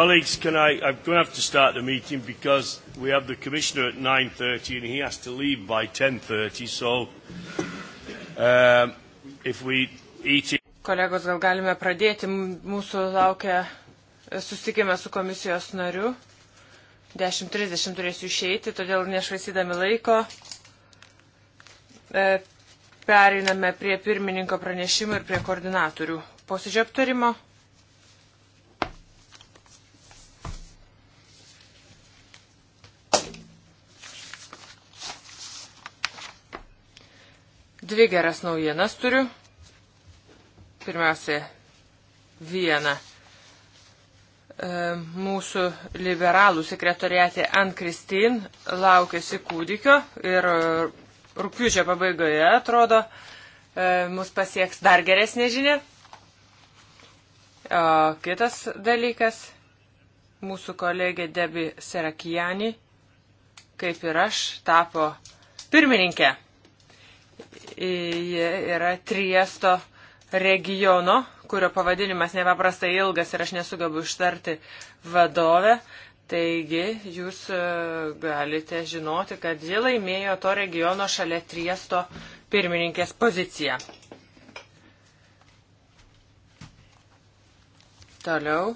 Colleagues, can I, I'm going to have to start the meeting because we have the Commissioner at 9.30 and he has to leave by 10.30, so um, if we eat it... Kolegos, gal galime pradėti, mūsų laukia susitikime su komisijos nariu. 10.30 turėsiu išeiti, todėl nešvaisydami laiko e, periname prie pirmininko pranešimų ir prie koordinatorių. Posėdžio aptarimo. Dvi geras naujienas turiu. Pirmiausia, vieną. E, mūsų liberalų sekretoriatė Ann Kristin laukėsi kūdikio ir rūpiučio pabaigoje, atrodo, e, mus pasieks dar geresnė žinia. O kitas dalykas, mūsų kolegė Debi Serakijani, kaip ir aš, tapo pirmininkė. Ji yra Triesto regiono, kurio pavadinimas nepaprastai ilgas ir aš nesugebu ištarti vadovę. Taigi jūs e, galite žinoti, kad ji laimėjo to regiono šalia Triesto pirmininkės poziciją. Toliau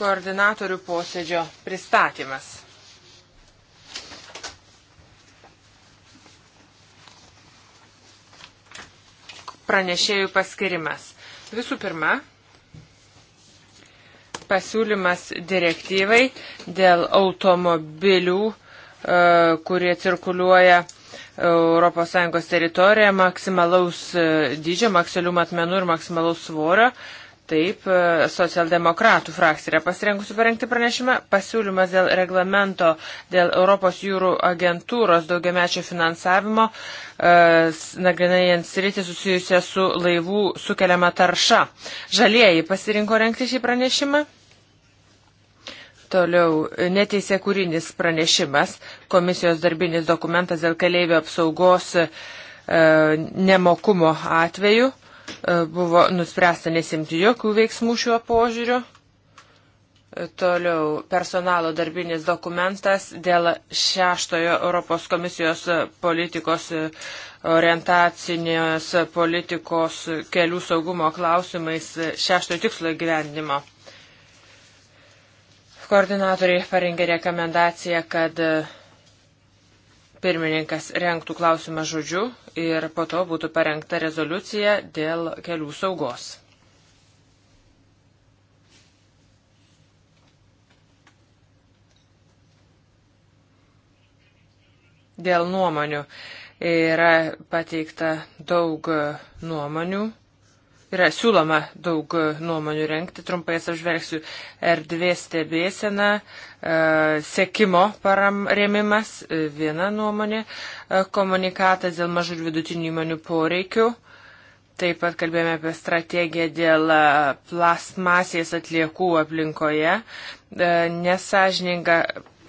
koordinatorių posėdžio pristatymas. pranešėjų paskirimas. Visų pirma, pasiūlymas direktyvai dėl automobilių, e, kurie cirkuliuoja ES teritorijoje maksimalaus e, dydžio, maksimalių matmenų ir maksimalaus svorio. Taip, e, socialdemokratų frakcija yra pasirengusi parengti pranešimą. Pasiūlymas dėl reglamento dėl Europos jūrų agentūros daugiamečio finansavimo, e, nagrinėjant sritį susijusią su laivų sukeliama tarša. Žalieji pasirinko rengti šį pranešimą. Toliau neteisė kūrinis pranešimas, komisijos darbinis dokumentas dėl keleivio apsaugos e, nemokumo atveju E, buvo nuspręsta nesimti jokių veiksmų šiuo požiūriu. E, toliau personalo darbinis dokumentas dėl šeštojo Europos komisijos politikos e, orientacinės politikos kelių saugumo klausimais šeštojo tikslo gyvendimo. Koordinatoriai parengė rekomendaciją, kad pirmininkas renktų klausimą žodžiu ir po to būtų parengta rezoliucija dėl kelių saugos. Dėl nuomonių yra pateikta daug nuomonių Yra siūloma daug e, nuomonių renkti, trumpai jas apžvelgsiu, erdvės stebėsena, e, sekimo param rėmimas, e, viena nuomonė, komunikatas dėl mažų ir vidutinių įmonių poreikių, taip pat kalbėjome apie strategiją dėl plastmasės atliekų aplinkoje, nesažininga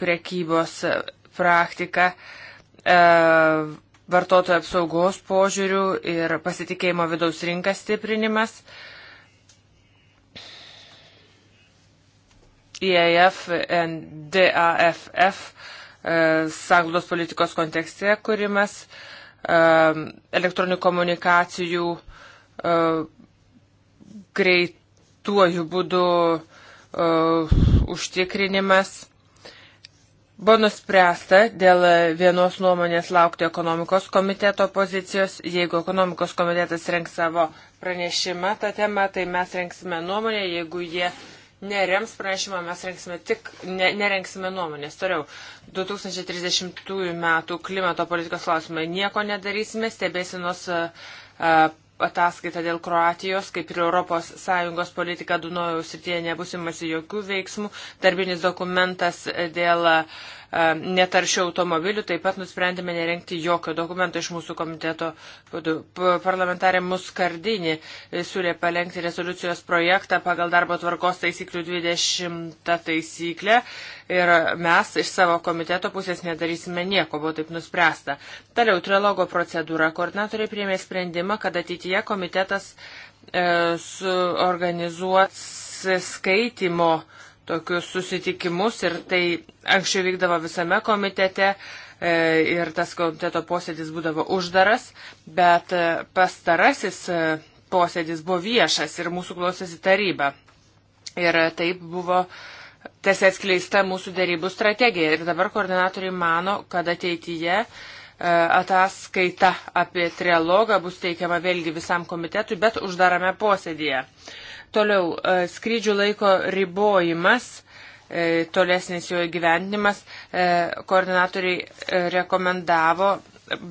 prekybos praktika vartotojų apsaugos požiūrių ir pasitikėjimo vidaus rinkas stiprinimas. IAF, e DAFF, e, sanglos politikos kontekste kūrimas, e, elektroninių komunikacijų greituoju būdu užtikrinimas Buvo nuspręsta dėl vienos nuomonės laukti ekonomikos komiteto pozicijos. Jeigu ekonomikos komitetas renks savo pranešimą tą temą, tai mes renksime nuomonę. Jeigu jie nerems pranešimą, mes renksime tik, ne, nerenksime nuomonės. Toliau, 2030 metų klimato politikos klausimai nieko nedarysime, stebėsinos ataskaita dėl Kroatijos, kaip ir ES politika Dunojaus srityje nebus imasi jokių veiksmų. Darbinis dokumentas dėl uh, netaršių automobilių, taip pat nusprendėme nerenkti jokio dokumento iš mūsų komiteto. Parlamentarė Muskardinį siūlė palengti rezoliucijos projektą pagal darbo tvarkos taisyklių 20 taisyklę ir mes iš savo komiteto pusės nedarysime nieko, buvo taip nuspręsta. Toliau trilogo procedūra. Koordinatoriai priėmė sprendimą, kad ateityje komitetas e, suorganizuos skaitimo tokius susitikimus ir tai anksčiau vykdavo visame komitete e, ir tas komiteto posėdis būdavo uždaras, bet e, pastarasis e, posėdis buvo viešas ir mūsų klausėsi taryba. Ir taip buvo tas atskleista mūsų dėrybų strategija. Ir dabar koordinatoriai mano, kad ateityje ataskaita apie trialogą bus teikiama vėlgi visam komitetui, bet uždarame posėdėje. Toliau e, skrydžių laiko ribojimas e, tolesnis jo gyvenimas, e, koordinatoriai rekomendavo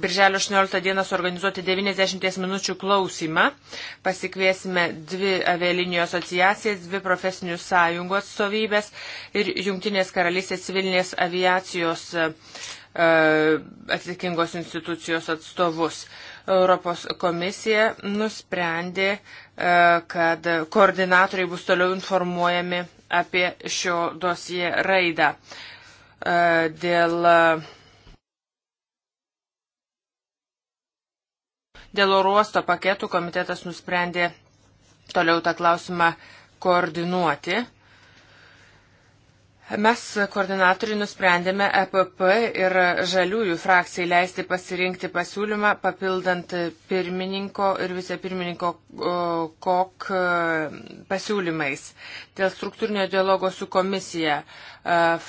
Birželio 18 dieną suorganizuoti 90 minučių klausimą. Pasikviesime dvi avialinijų asociacijas, dvi profesinių sąjungų atstovybės ir Junktinės karalystės civilinės aviacijos atsakingos institucijos atstovus. Europos komisija nusprendė, e, kad koordinatoriai bus toliau informuojami apie šio dosie raidą. E, dėl, dėl oruosto paketų komitetas nusprendė toliau tą klausimą koordinuoti. Mes koordinatoriai nusprendėme EPP ir žaliųjų frakcijai leisti pasirinkti pasiūlymą, papildant pirmininko ir vicepirmininko kok e, pasiūlymais. Dėl struktūrinio dialogo su komisija e,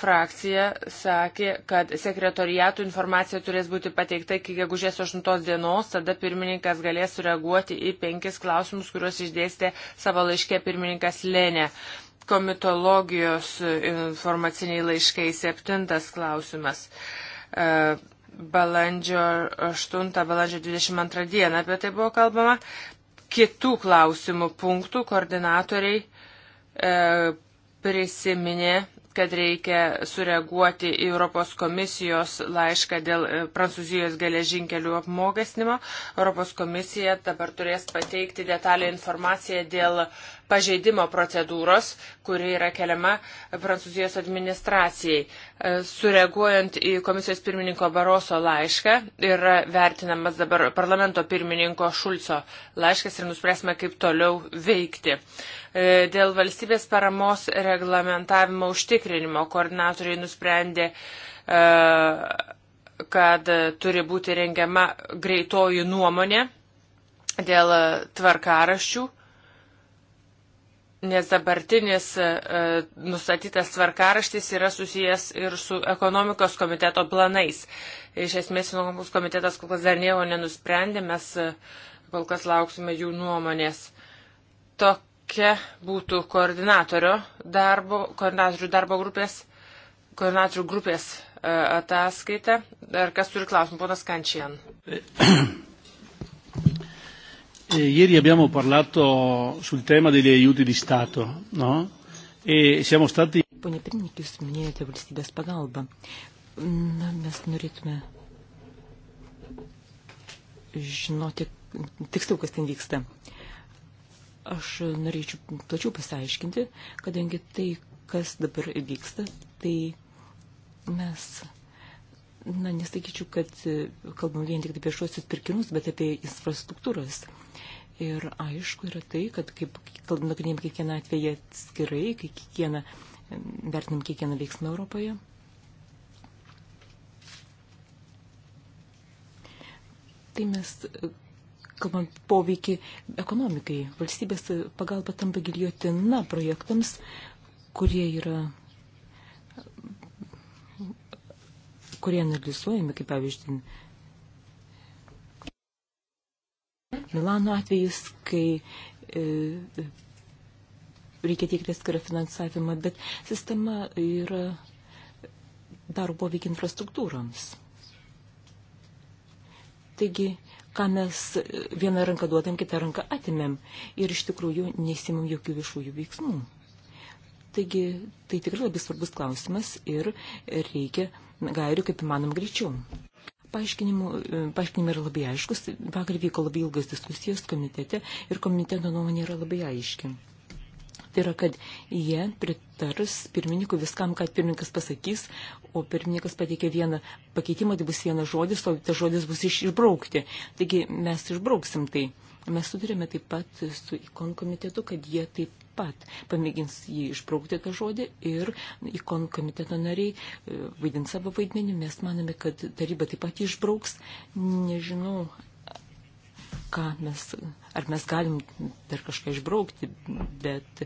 frakcija sakė, kad sekretoriatų informacija turės būti pateikta iki gegužės 8 dienos, tada pirmininkas galės sureaguoti į penkis klausimus, kuriuos išdėstė savo laiškė pirmininkas Lenė komitologijos informaciniai laiškai septintas klausimas. E, balandžio 8, balandžio 22 dieną apie tai buvo kalbama. Kitų klausimų punktų koordinatoriai e, prisiminė, kad reikia sureaguoti į Europos komisijos laišką dėl e, Prancūzijos geležinkelių apmokestinimo. Europos komisija dabar turės pateikti detalę informaciją dėl pažeidimo procedūros, kuri yra keliama Prancūzijos administracijai. E, sureaguojant į komisijos pirmininko Baroso laišką ir vertinamas dabar parlamento pirmininko Šulco laiškas ir nuspręsime, kaip toliau veikti. E, dėl valstybės paramos reglamentavimo užtikrinimo koordinatoriai nusprendė e, kad turi būti rengiama greitoji nuomonė dėl tvarkaraščių nes dabartinis e, nustatytas tvarkaraštis yra susijęs ir su ekonomikos komiteto planais. Iš esmės, ekonomikos komitetas kol kas dar nieko nenusprendė, mes e, kol kas lauksime jų nuomonės. Tokia būtų koordinatorių darbo, koordinatorių darbo grupės, koordinatorių grupės e, ataskaita. Ar kas turi klausimą, ponas Kančian? eh, ieri abbiamo parlato sul tema degli aiuti di Stato, no? E siamo stati... Pone pirmininkai, jūs minėjote valstybės pagalbą. Na, mes norėtume žinoti tiksliau, kas ten vyksta. Aš norėčiau plačiau pasiaiškinti, kadangi tai, kas dabar vyksta, tai mes na, nesakyčiau, kad kalbam vien tik apie viešuosius pirkimus, bet apie infrastruktūras. Ir aišku yra tai, kad kaip nagrinėjom kiekvieną atvejį atskirai, kai kiekvieną, vertinam kiekvieną veiksmą Europoje. Tai mes kalbant poveikį ekonomikai. Valstybės pagalba tampa giliotina projektams, kurie yra kurie analizuojami, kaip pavyzdžiui, Milano atvejis, kai e, reikia tiekti atskirą finansavimą, bet sistema yra daro poveikį infrastruktūroms. Taigi, ką mes vieną ranką duodam, kitą ranką atimėm ir iš tikrųjų nesimam jokių viešųjų veiksmų. Taigi, tai tikrai labai svarbus klausimas ir reikia gairių kaip įmanom greičiau. E, paaiškinimai yra labai aiškus. Vakar vyko labai ilgas diskusijos komitete ir komiteto nuomonė yra labai aiški. Tai yra, kad jie pritars pirmininkui viskam, ką pirmininkas pasakys, o pirmininkas pateikė vieną pakeitimą, tai bus vienas žodis, o tas žodis bus iš, išbraukti. Taigi mes išbrauksim tai. Mes sutarėme taip pat su ikon komitetu, kad jie taip pat pamėgins jį išbraukti tą žodį ir ikon komiteto nariai e, vaidins savo vaidmenį. Mes manome, kad taryba taip pat išbrauks. Nežinau, ką mes, ar mes galim dar kažką išbraukti, bet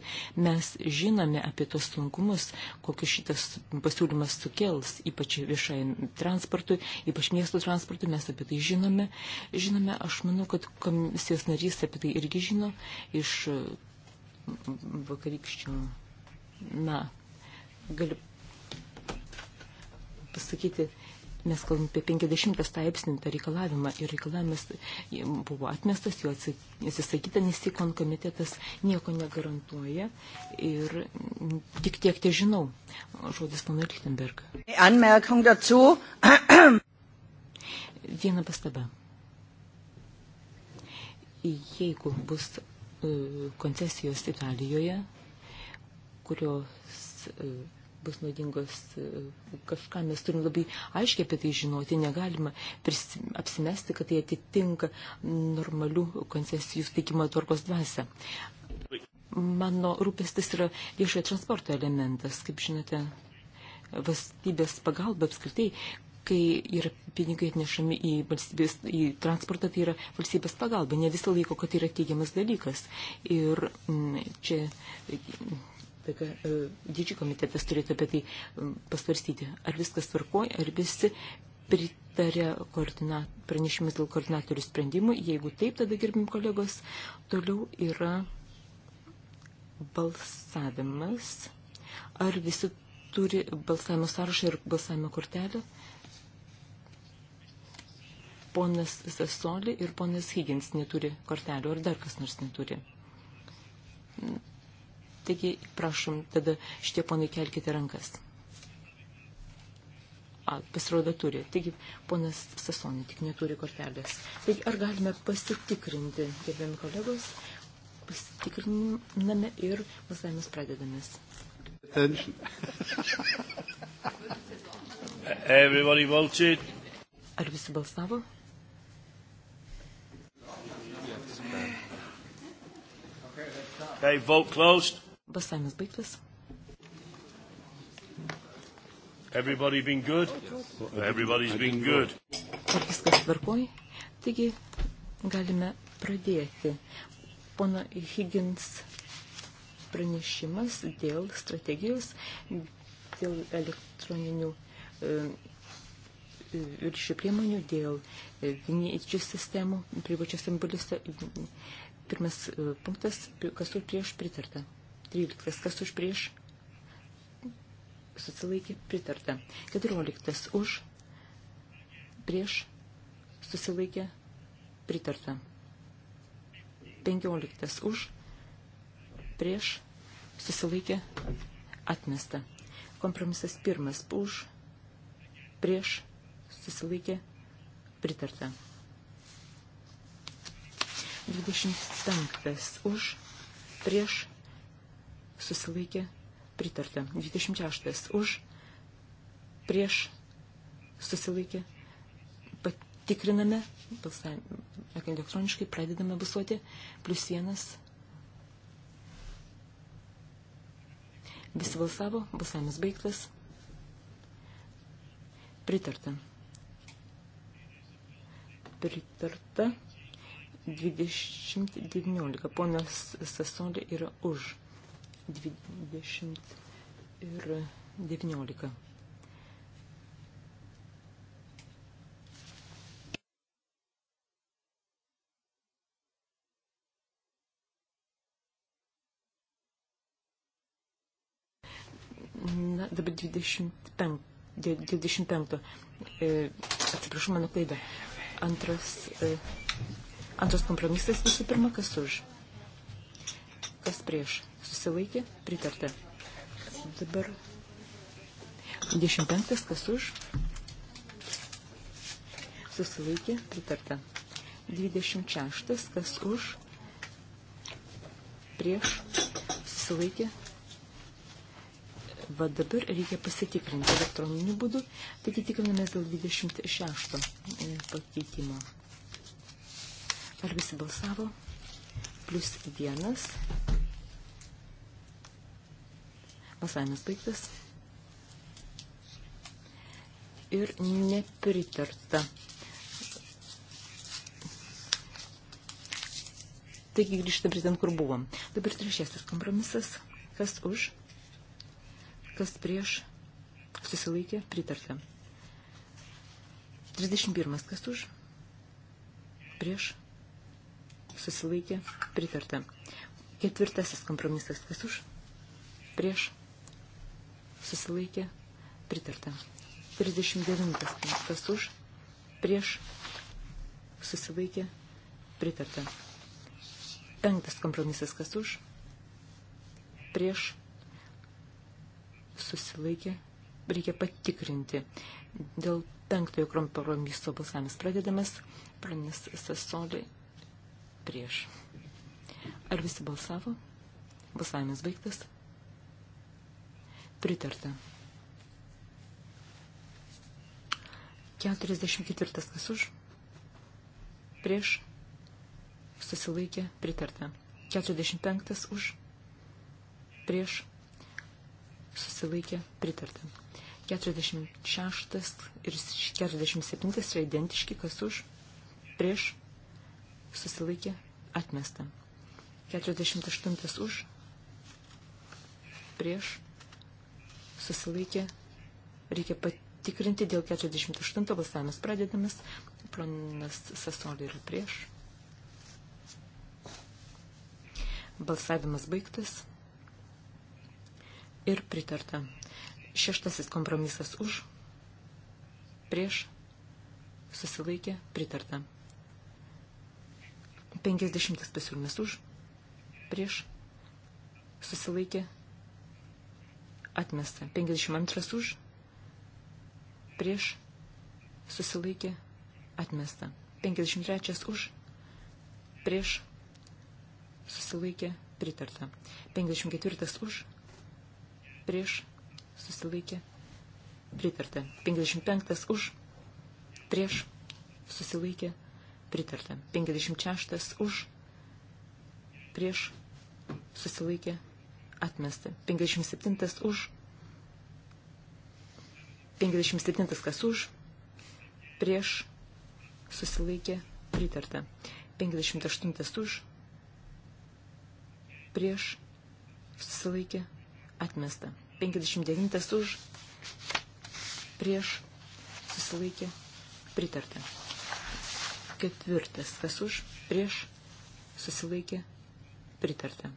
mes žinome apie tos sunkumus, kokius šitas pasiūlymas sukels, ypač viešai transportui, ypač miesto transportui, mes apie tai žinome. Žinome, aš manau, kad komisijos narys apie tai irgi žino iš vakarykščių, na, galiu pasakyti, mes kalbam apie 50 straipsnį tą reikalavimą ir reikalavimas buvo atmestas, jo atsisakyta, nes tikon komitetas nieko negarantuoja ir tik tiek tie žinau. Žodis pana Lichtenberg. Anmerkung dazu. Viena pastaba. Jeigu bus E, koncesijos Italijoje, kurios e, bus naudingos e, kažką. Mes turim labai aiškiai apie tai žinoti. Negalima pris, apsimesti, kad tai atitinka normalių koncesijų steikimo tvarkos dvasę. Mano rūpestis yra viešojo transporto elementas, kaip žinote. Valstybės pagalba apskritai kai yra pinigai atnešami į, valstybės, į transportą, tai yra valstybės pagalba. Ne visą laiko, kad tai yra teigiamas dalykas. Ir mm, čia e, e, didžiai komitetas turėtų apie tai pasvarstyti, ar viskas tvarkoja, ar visi pritarė pranešimas dėl koordinatorių sprendimų. Jeigu taip, tada gerbim kolegos, toliau yra balsavimas. Ar visi turi balsavimo sąrašą ir balsavimo kortelę? ponas Sasoli ir ponas Higgins neturi kortelių, ar dar kas nors neturi. Taigi, prašom, tada šitie ponai kelkite rankas. A, pasirodo turi. Taigi, ponas Sasonė tik neturi kortelės. Taigi, ar galime pasitikrinti, gerbiami kolegos, pasitikriname ir balsavimas pradedamas. Ar visi balsavo? Okay, vote closed. Balsavimas baigtas. Everybody been good? Everybody's been good. Ar viskas tvarkoj? Taigi, galime pradėti. Pono Higgins pranešimas dėl strategijos, dėl elektroninių e, ryšių priemonių, dėl e, viniečių sistemų, privačiose mobiliuose Pirmas e, punktas, kas už prieš pritarta. 13. Kas už prieš susilaikė pritarta. 14. Už prieš susilaikė pritarta. 15. Už prieš susilaikė atmesta. Kompromisas pirmas už prieš susilaikė pritarta. 25 už, prieš, susilaikė, pritarta. 26 už, prieš, susilaikė, patikriname, elektroniškai pradedame busuoti, plus vienas. Visi balsavo, balsavimas baigtas. Pritarta. Pritarta. 2019. Ponas Sasolė yra už 20 ir 19. Na, dabar 25. 25. E, atsiprašau, mano klaida. Antras e, Antras kompromisas visų pirma, kas už. Kas prieš. Susilaikė, pritarta. Dabar 25, kas už. Susilaikė, pritarta. 26, kas už. Prieš. Susilaikė, Va dabar reikia pasitikrinti elektroniniu būdu, taigi tikrinamės dėl 26 e, pakeitimo. Ar visi balsavo? Plius vienas. Balsavimas baigtas. Ir nepritarta. Taigi grįžtam prie ten, kur buvom. Dabar trečiasis kompromisas. Kas už? Kas prieš? Susilaikė? Pritarta. 31. Kas už? Prieš? susilaikė, pritarta. Ketvirtasis kompromisas, kas už, prieš, susilaikė, pritarta. 39. Kas už, prieš, susilaikė, pritarta. Penktas kompromisas, kas už, prieš, susilaikė, reikia patikrinti. Dėl penktojo kompromiso balsavimas pradedamas, pranis sasoliai prieš. Ar visi balsavo? Balsavimas baigtas. Pritarta. 44 kas už? Prieš. Susilaikė. Pritarta. 45 už. Prieš. Susilaikė. Pritarta. 46 ir 47 yra identiški kas už? Prieš susilaikė, atmesta. 48 už, prieš, susilaikė, reikia patikrinti dėl 48 balsavimas pradedamas, pronas sasoli yra prieš. Balsavimas baigtas ir pritarta. Šeštasis kompromisas už, prieš, susilaikė, pritarta. 50 pasiūlymas už, prieš, susilaikė, atmesta. 52 už, prieš, susilaikė, atmesta. 53 už, prieš, susilaikė, pritarta. 54 už, prieš, susilaikė, pritarta. 55 už, prieš, susilaikė, pritarta pritarta. 56 už, prieš, susilaikė, atmesta. 57 už, 57 kas už, prieš, susilaikė, pritarta. 58 už, prieš, susilaikė, atmesta. 59 už, prieš, susilaikė, pritarta ketvirtas, kas už, prieš, susilaikė, pritarta.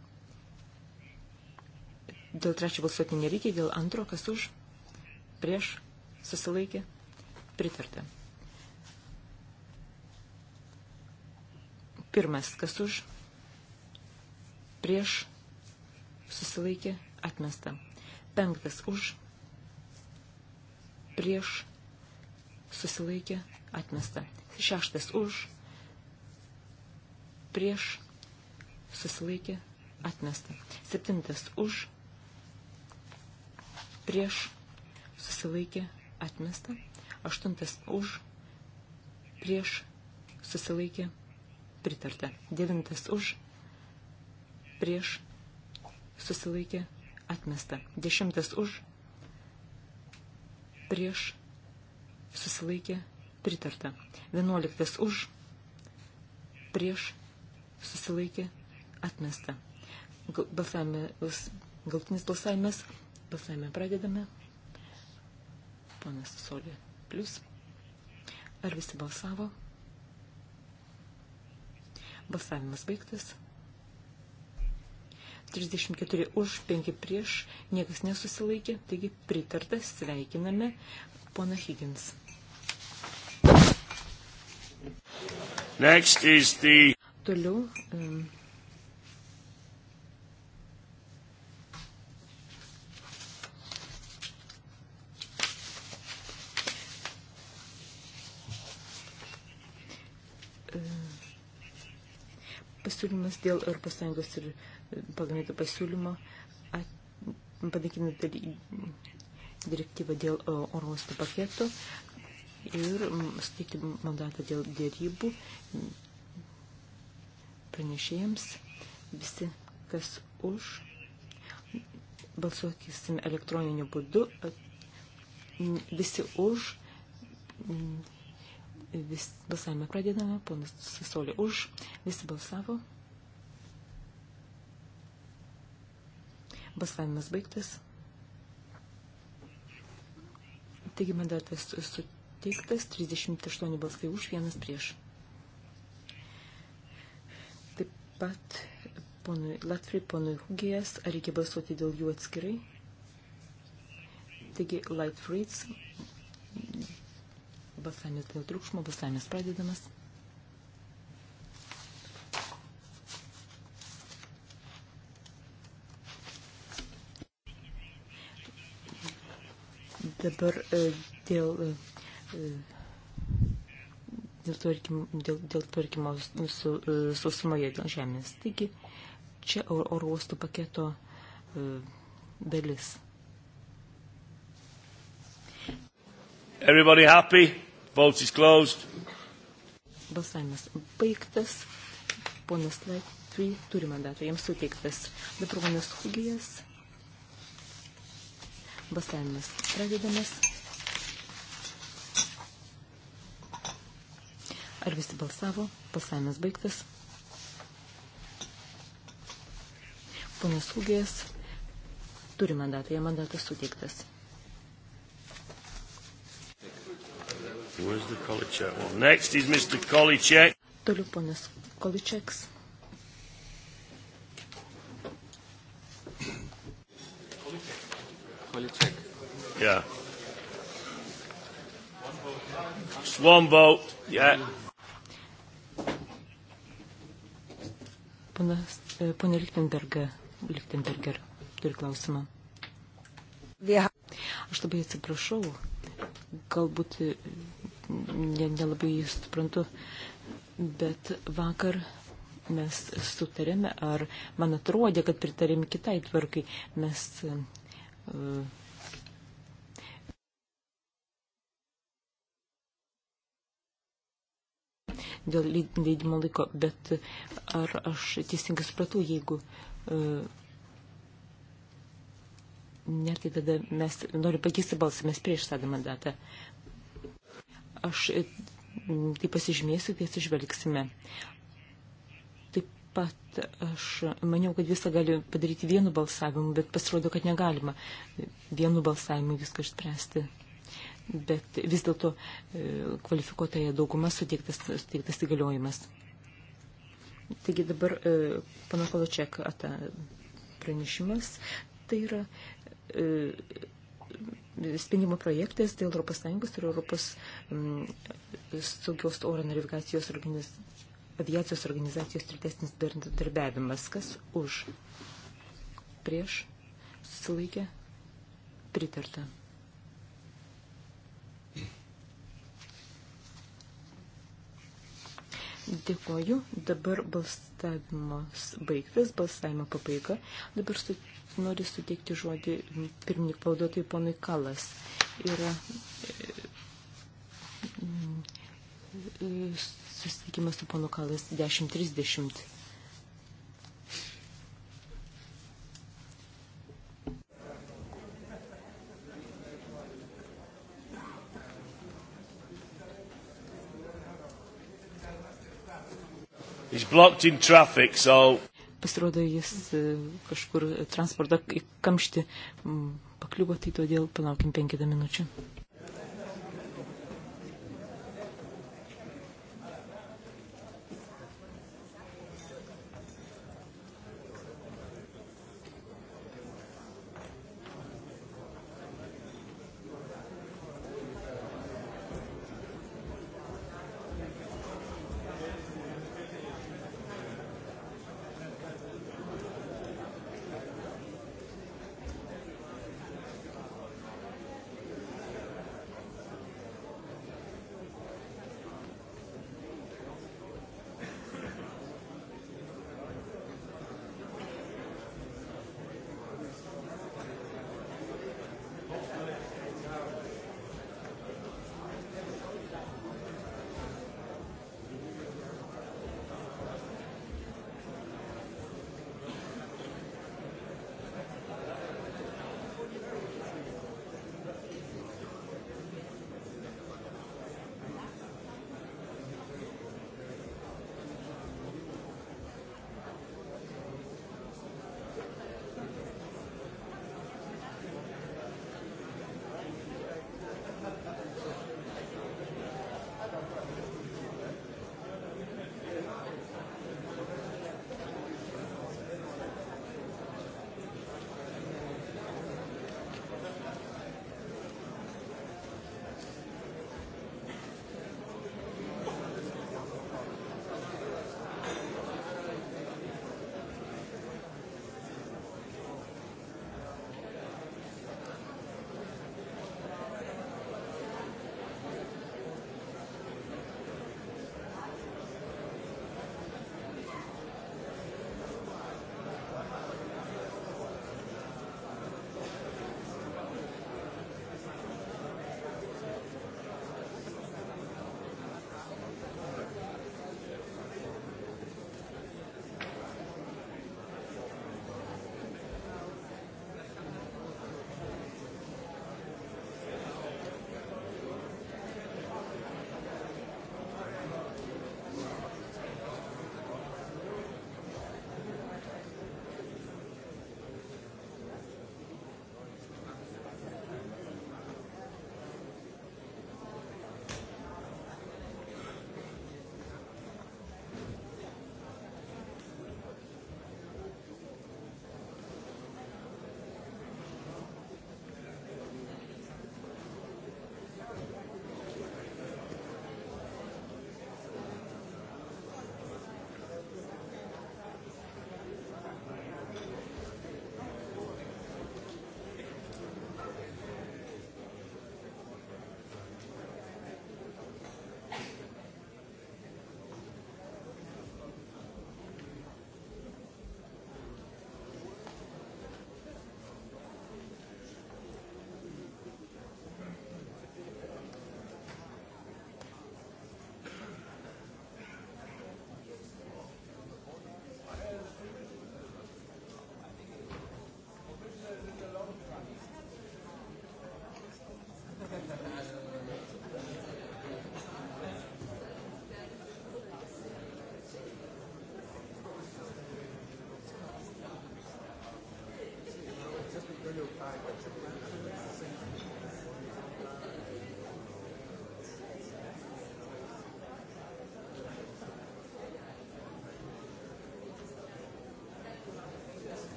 Dėl trečio balsuoti nereikia, dėl antro, kas už, prieš, susilaikė, pritarta. Pirmas, kas už, prieš, susilaikė, atmesta. Penktas už, prieš, susilaikė, atmesta. Šeštas už, prieš, susilaikė, atmesta. Septintas už, prieš, susilaikė, atmesta. Aštuntas už, prieš, susilaikė, pritarta. Devintas už, prieš, susilaikė, atmesta. Dešimtas už, prieš, susilaikė, atmesta pritarta. 11 už, prieš, susilaikė, atmesta. Balsavimas, galtinis balsavimas, balsavimą pradedame. Ponas Solė, plus. Ar visi balsavo? Balsavimas baigtas. 34 už, 5 prieš, niekas nesusilaikė, taigi pritartas, sveikiname, pona Higgins. Next is the... Toliau. Um, pasiūlymas dėl Europos Sąjungos ir e, pagamėto pasiūlymo panaikina direktyvą dėl e, oro uosto paketo ir suteikti mandatą dėl dėrybų pranešėjams. Visi, kas už, balsuokysim elektroniniu būdu. Visi už, vis, balsavimą pradedame, ponas Sasolė už, visi balsavo. Balsavimas baigtas. Taigi mandatas su, pateiktas, 38 balsai už, vienas prieš. Taip pat ponui Latvijai, ponui Hugijas, ar reikia balsuoti dėl jų atskirai? Taigi, Lightfrieds, balsavimas dėl triukšmo, balsavimas pradedamas. dabar e, dėl dėl tvarkymo, dėl, dėl tvarkymo su, e, sausumoje dėl žemės. Taigi, čia oro uostų paketo e, dalis. Everybody happy? Vote is closed. Balsavimas baigtas. Ponas Laitry turi mandatą, jiems suteiktas. Dabar ponas Hugijas. Balsavimas pradedamas. Ar visi balsavo? Balsavimas baigtas. Ponas Hugės turi mandatą, jie mandatas suteiktas. Where's the Kolicek one? Well, next is Mr. Kolicek. Toliau ponas Koliceks. Kolicek. Yeah. One vote. Yeah. Ponas, e, ponė Lichtenberger, Lichtenberger turi klausimą. Aš labai atsiprašau, galbūt e, nelabai ne suprantu, bet vakar mes sutarėme, ar man atrodė, kad pritarėme kitai tvarkai. Mes e, dėl leidimo laiko, bet Ar aš teisingai supratau, jeigu uh, ne, tai tada mes noriu pakeisti balsą, mes prieš tą mandatą. Aš e, tai pasižymėsiu, tai atsižvelgsime. Taip pat aš maniau, kad visą gali padaryti vienu balsavimu, bet pasirodo, kad negalima vienu balsavimu viską išspręsti. Bet vis dėlto e, kvalifikuotąją daugumą suteiktas, suteiktas įgaliojimas. Tai Taigi dabar e, pana Koločiak ata pranešimas. Tai yra e, sprendimo projektas dėl Europos Sąjungos ir Europos m, saugios oro navigacijos organiz, aviacijos organizacijos tritesnis darbiavimas. Kas už? Prieš? Susilaikė? Pritarta. Dėkoju. Dabar balsavimas baigtas, balsavimo pabaiga. Dabar su, noriu suteikti žodį pirmininko pavaduotojai ponui Kalas. Yra e, e, susitikimas su ponu Kalas 10.30. traffic, so... Pasirodo, jis e, kažkur transporto kamšti pakliuvo, tai todėl palaukim penkitą minučių.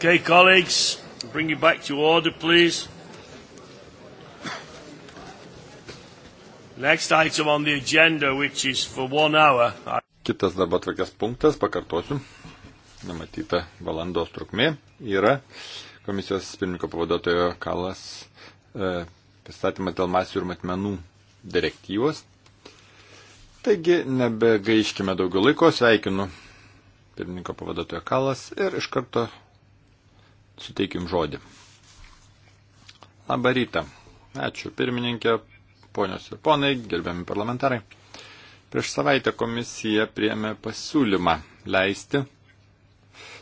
Okay, colleagues, bring you back to order, please. Next item on the agenda, which is for one hour. Kitas darbo tvarkės punktas, pakartosiu, numatyta valandos trukmė, yra komisijos pirmininko pavaduotojo Kalas e, pristatymas dėl masių ir matmenų direktyvos. Taigi, nebegaiškime daugiau laiko, sveikinu pirmininko pavaduotojo Kalas ir iš karto suteikim žodį. Labą rytą. Ačiū pirmininkė, ponios ir ponai, gerbiami parlamentarai. Prieš savaitę komisija priėmė pasiūlymą leisti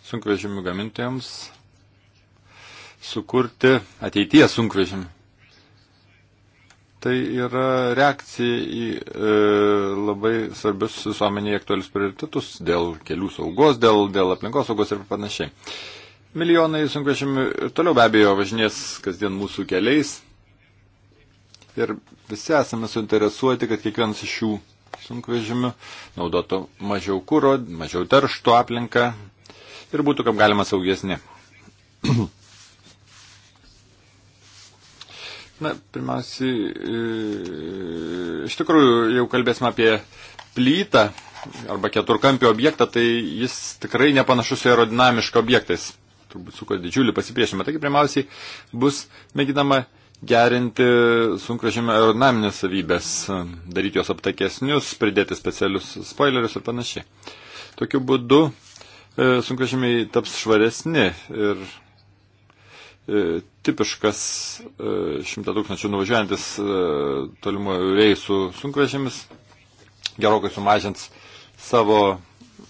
sunkvežimių gamintojams sukurti ateities sunkvežimį. Tai yra reakcija į e, labai svarbius visuomeniai aktualius prioritetus dėl kelių saugos, dėl, dėl aplinkos saugos ir panašiai. E, Milijonai sunkvežimių ir toliau be abejo važinės kasdien mūsų keliais. Ir visi esame suinteresuoti, kad kiekvienas iš šių sunkvežimių naudotų mažiau kūro, mažiau terštų aplinką ir būtų kaip galima saugesni. Na, pirmiausiai, e, iš tikrųjų, jau kalbėsime apie plytą arba keturkampį objektą, tai jis tikrai nepanašus į aerodinamišką objektais turbūt suko didžiulį pasipriešimą. Taigi, pirmiausiai, bus mėginama gerinti sunkvežimio aerodinaminės savybės, daryti juos aptakesnius, pridėti specialius spoilerius ir panašiai. Tokiu būdu e, sunkvežimiai taps švaresni ir e, tipiškas e, šimtą e, tūkstančių nuvažiuojantis e, tolimųjų reisų sunkvežimis gerokai sumažins savo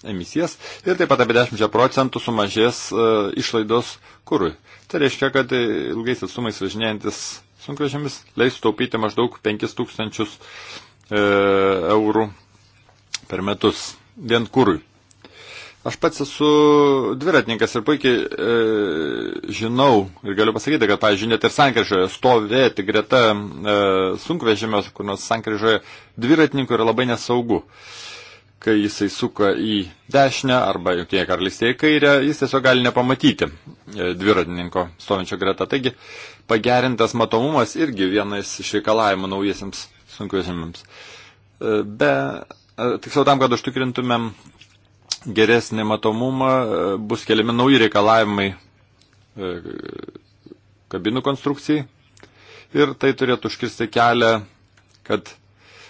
emisijas ir taip pat apie 10 procentų sumažės e, išlaidos kūrui. Tai reiškia, kad ilgais atstumais važinėjantis sunkvežimis leis sutaupyti maždaug 5000 e, eurų per metus vien kūrui. Aš pats esu dviratininkas ir puikiai e, žinau ir galiu pasakyti, kad, pavyzdžiui, net ir sankryžoje stovėti greta e, sunkvežimio, kur nors sankryžoje dviratininkų yra labai nesaugu. E, kai jisai suka į dešinę arba jungtinėje karalystėje į kairę, jis tiesiog gali nepamatyti e, dviratininko stovinčio greta. Taigi pagerintas matomumas irgi vienas iš reikalavimų naujiesiams sunkiuosiams. E, be, e, tiksliau tam, kad užtikrintumėm geresnį matomumą, bus keliami nauji reikalavimai kabinų konstrukcijai ir tai turėtų užkirsti kelią, kad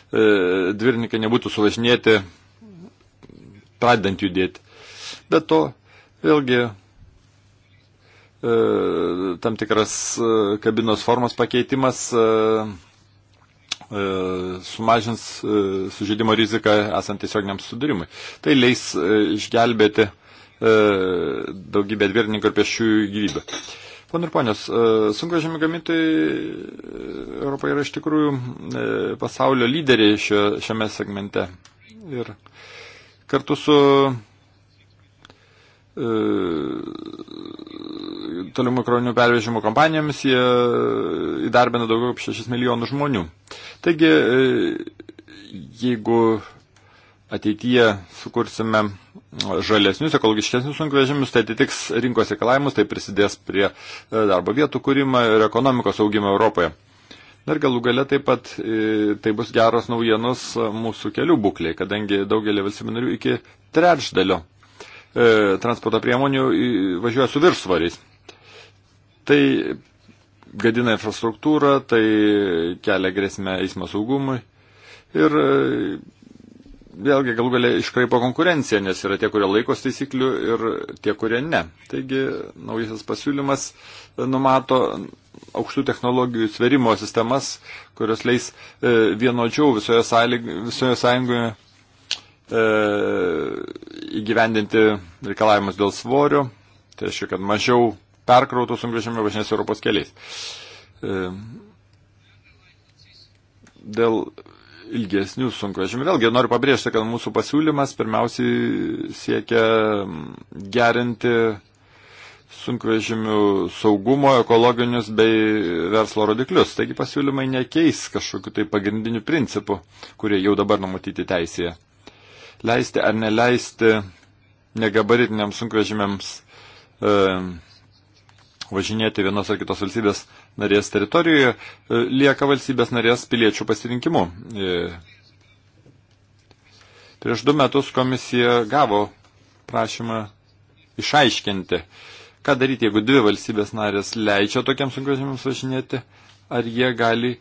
dvirininkai nebūtų sulažinėti pradedant judėti. Be to, vėlgi, e, tam tikras e, kabinos formos pakeitimas e, sumažins sužeidimo riziką esant tiesioginiam sudurimui. Tai leis išgelbėti daugybę dvirininkų ir pešių gyvybę. Pone ir ponios, sunkvežimių gamintojai Europoje yra iš tikrųjų pasaulio lyderiai šio, šiame segmente. Ir Kartu su e, tolimų krovinių pervežimo kompanijomis jie įdarbina daugiau kaip 6 milijonų žmonių. Taigi, e, jeigu ateityje sukursime žalesnius, ekologiškesnius sunkvežimius, tai atitiks rinkos reikalavimus, tai prisidės prie e, darbo vietų kūrimą ir ekonomikos augimą Europoje. Na ir galų gale taip pat e, tai bus geros naujienos mūsų kelių būklė, kadangi daugelį valstybių narių iki trečdalio e, transporto priemonių e, važiuoja su viršsvariais. Tai gadina infrastruktūrą, tai kelia grėsmę eismo saugumui ir vėlgi galų galia iškraipo konkurencija, nes yra tie, kurie laikos taisyklių ir tie, kurie ne. Taigi naujasis pasiūlymas numato aukštų technologijų sverimo sistemas, kurios leis e, vienodžiau visoje, sąlyg, visoje sąjungoje e, įgyvendinti reikalavimus dėl svorio, tai reiškia, kad mažiau perkrautų sunkvežimio važinės Europos keliais. E, dėl ilgesnių sunkvežimių. Vėlgi noriu pabrėžti, kad mūsų pasiūlymas pirmiausiai siekia gerinti sunkvežimių saugumo, ekologinius bei verslo rodiklius. Taigi pasiūlymai nekeis kažkokiu tai pagrindiniu principu, kurie jau dabar numatyti teisėje. Leisti ar neleisti negabaritiniams sunkvežimiams e, važinėti vienos ar kitos valstybės narės teritorijoje e, lieka valstybės narės piliečių pasirinkimu. E, prieš du metus komisija gavo prašymą išaiškinti Ką daryti, jeigu dvi valstybės narės leidžia tokiam sunkvežimėms važinėti, ar jie gali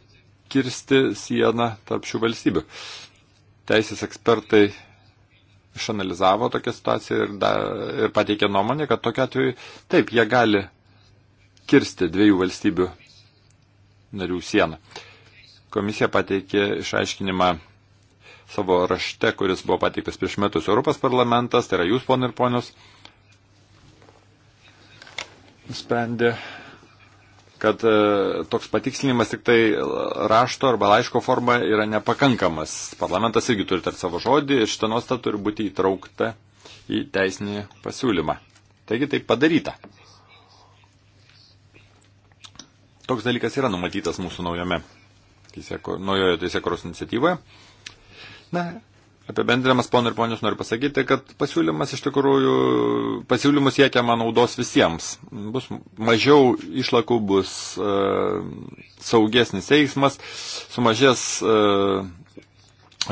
kirsti sieną tarp šių valstybių? Teisės ekspertai išanalizavo tokią situaciją ir, da, ir pateikė nuomonę, kad tokia atveju taip, jie gali kirsti dviejų valstybių narių sieną. Komisija pateikė išaiškinimą savo rašte, kuris buvo pateiktas prieš metus Europos parlamentas, tai yra jūs, ponai ir ponios. Ir nusprendė, kad e, toks patikslinimas tik tai rašto arba laiško forma yra nepakankamas. Parlamentas irgi turi tarti savo žodį ir šitą nuostatą turi būti įtraukta į teisinį pasiūlymą. Taigi tai padaryta. Toks dalykas yra numatytas mūsų naujame teisėko, naujojo teisėkoros iniciatyvoje. Na, apibendrinamas ponai ir ponius noriu pasakyti, kad pasiūlymas iš tikrųjų, pasiūlymus siekiama naudos visiems. Bus mažiau išlakų, bus uh, saugesnis eismas, sumažės uh,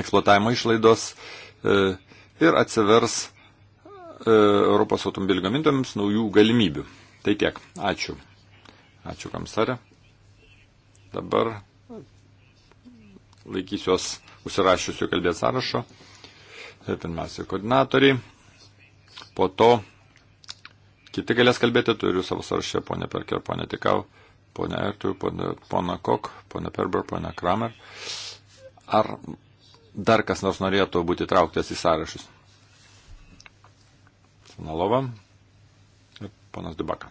eksploatavimo išlaidos uh, ir atsivers uh, Europos automobilių gamintojams naujų galimybių. Tai tiek. Ačiū. Ačiū, kamsarė. Dabar laikysiuos užsirašysiu kalbėti sąrašo. Tai pirmiausia, koordinatoriai. Po to kiti galės kalbėti, turiu savo sąrašę ponę Perker, ponę Tikau, ponę Ertų, poną Kok, ponę Perber, ponę Kramer. Ar dar kas nors norėtų būti trauktas į sąrašus? Sanalova ir ponas Dubaka.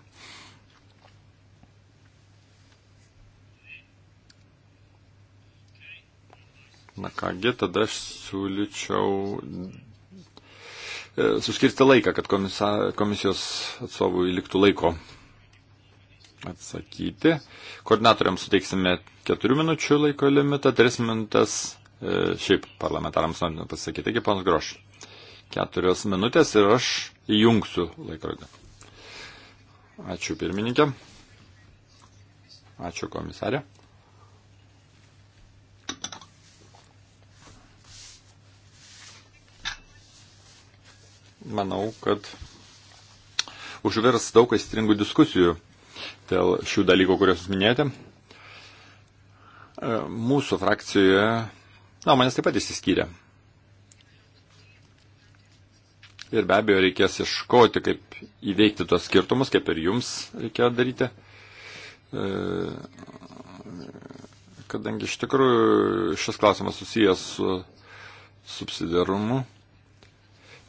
Na kągi, tada aš siūlyčiau e, suskirti laiką, kad komisa, komisijos atstovui liktų laiko atsakyti. Koordinatoriams suteiksime 4 minučių laiko limitą, 3 minutės e, šiaip parlamentarams norime pasakyti. Taigi, panas Groš, 4 minutės ir aš įjungsiu laikrodį. Ačiū pirmininkė. Ačiū komisarė. manau, kad užvers daug aistringų diskusijų dėl šių dalykų, kuriuos jūs minėjote. E, mūsų frakcijoje nuomonės taip pat įsiskyrė. Ir be abejo reikės iškoti, kaip įveikti tos skirtumus, kaip ir jums reikėjo daryti. E, kadangi iš tikrųjų šis klausimas susijęs su subsidiarumu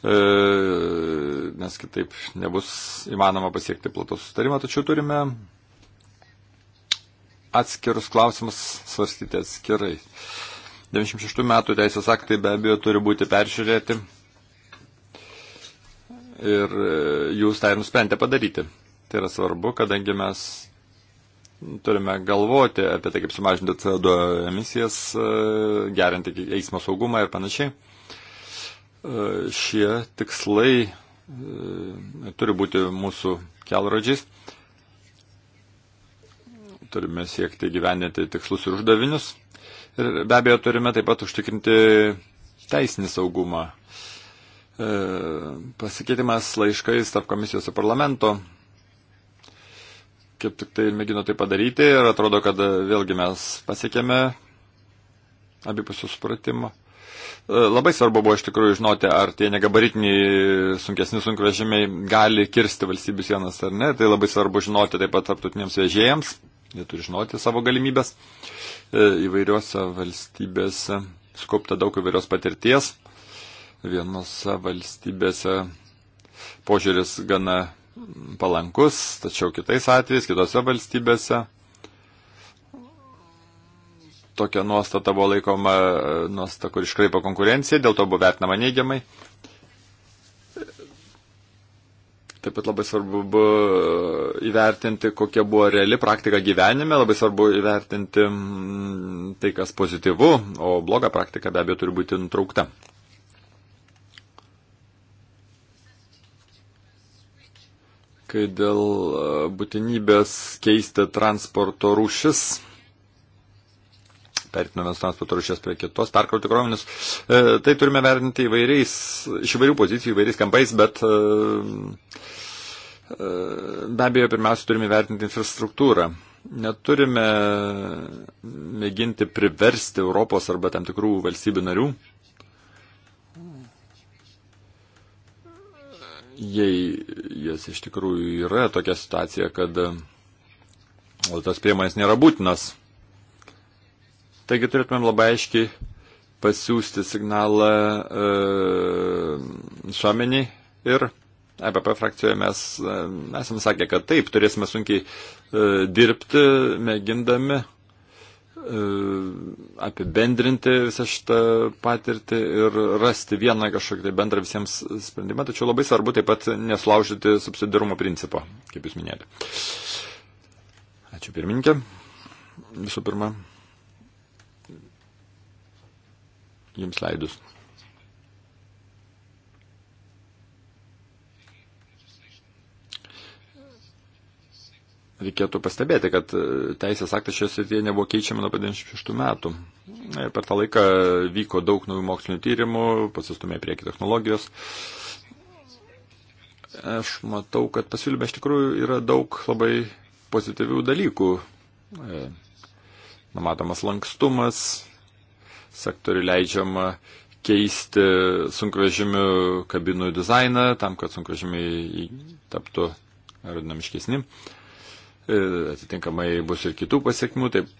E, nes kitaip nebus įmanoma pasiekti plataus sustarimą, tačiau turime atskirus klausimus svarstyti atskirai. 96 metų teisės aktai be abejo turi būti peržiūrėti ir e, jūs tai nusprendė padaryti. Tai yra svarbu, kadangi mes turime galvoti apie tai, kaip sumažinti CO2 emisijas, e, gerinti eismo saugumą ir panašiai. E, šie tikslai e, turi būti mūsų kelrodžiais. Turime siekti gyveninti tikslus ir uždavinius. Ir be abejo turime taip pat užtikrinti teisinį saugumą. E, pasikeitimas laiškais tarp komisijos ir parlamento. Kaip tik tai mėgino tai padaryti ir atrodo, kad vėlgi mes pasiekėme abipusio supratimo. E, labai svarbu buvo iš tikrųjų žinoti, ar tie negabaritiniai sunkesni sunkvežimiai gali kirsti valstybių sienas ar ne. Tai labai svarbu žinoti taip pat tarptautiniams vežėjams. Jie turi žinoti savo galimybės. E, įvairiuose valstybėse skupta daug įvairios patirties. Vienose valstybėse požiūris gana palankus, tačiau kitais atvejais, kitose valstybėse tokia nuostata buvo laikoma e, nuostata, kur iškraipo konkurenciją, dėl to buvo vertinama neigiamai. Taip pat labai svarbu buvo įvertinti, kokia buvo reali praktika gyvenime, labai svarbu įvertinti mm, tai, kas pozityvu, o bloga praktika be abejo turi būti nutraukta. Kai dėl e, būtinybės keisti transporto rūšis perėti nuo vienos transporto rūšės prie kitos, perkrauti krovinius. E, tai turime vertinti įvairiais, iš įvairių pozicijų, įvairiais kampais, bet e, e, be abejo, pirmiausia, turime vertinti infrastruktūrą. Neturime mėginti priversti Europos arba tam tikrų valstybių narių jei jas iš tikrųjų yra tokia situacija, kad o, tas priemonės nėra būtinas, Taigi turėtumėm labai aiškiai pasiūsti signalą e, visuomeniai e, ir EPP frakcijoje mes e, esame sakę, kad taip, turėsime sunkiai e, dirbti, mėgindami e, apibendrinti visą šitą patirtį ir rasti vieną kažkokį tai bendrą visiems sprendimą, tačiau labai svarbu taip pat neslaužyti subsidiarumo principo, kaip jūs minėjote. Ačiū pirmininkė. Visų pirma, jums leidus. Reikėtų pastebėti, kad teisės aktas šios srityje nebuvo keičiama nuo 56 metų. Ir per tą laiką vyko daug naujų mokslinių tyrimų, pasistumė prieki technologijos. Aš matau, kad pasiūlyme iš tikrųjų yra daug labai pozityvių dalykų. E, numatomas lankstumas, sektoriui leidžiama keisti sunkvežimių kabinų dizainą, tam, kad sunkvežimiai taptų aerodinamiškesni. E, atitinkamai bus ir kitų pasiekmių, taip